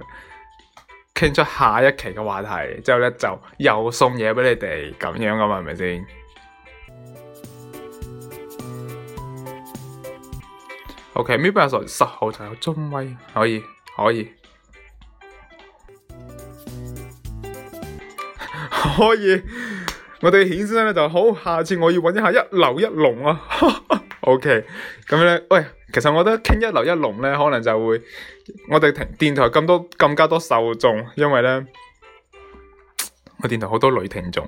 傾出下一期嘅話題，之後咧就又送嘢俾你哋，咁樣噶嘛，係咪先？O.K. Maybe 十十號就有中威，可以可以可以。可以 *laughs* 我哋顯示咧就好，下次我要揾一下一樓一龍啊。 *laughs* O.K. 咁咧，喂，其實我覺得傾一樓一龍咧，可能就會我哋電台咁多咁加多受眾，因為咧我電台好多女聽眾。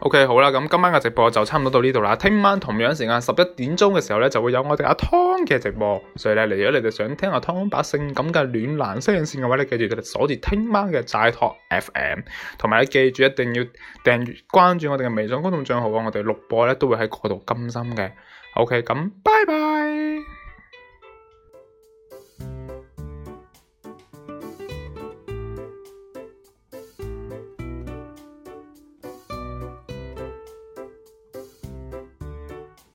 OK 好啦，咁今晚嘅直播就差唔多到呢度啦。聽晚同樣時間十一點鐘嘅時候咧，就會有我哋阿湯嘅直播。所以咧，嚟咗你哋想聽阿湯把性感嘅暖男聲音嘅話咧，記住佢哋鎖住聽晚嘅齋 talk F M，同埋你記住一定要訂閱關注我哋嘅微信公眾賬號啊。我哋錄播咧都會喺嗰度更新嘅。O K，咁拜拜。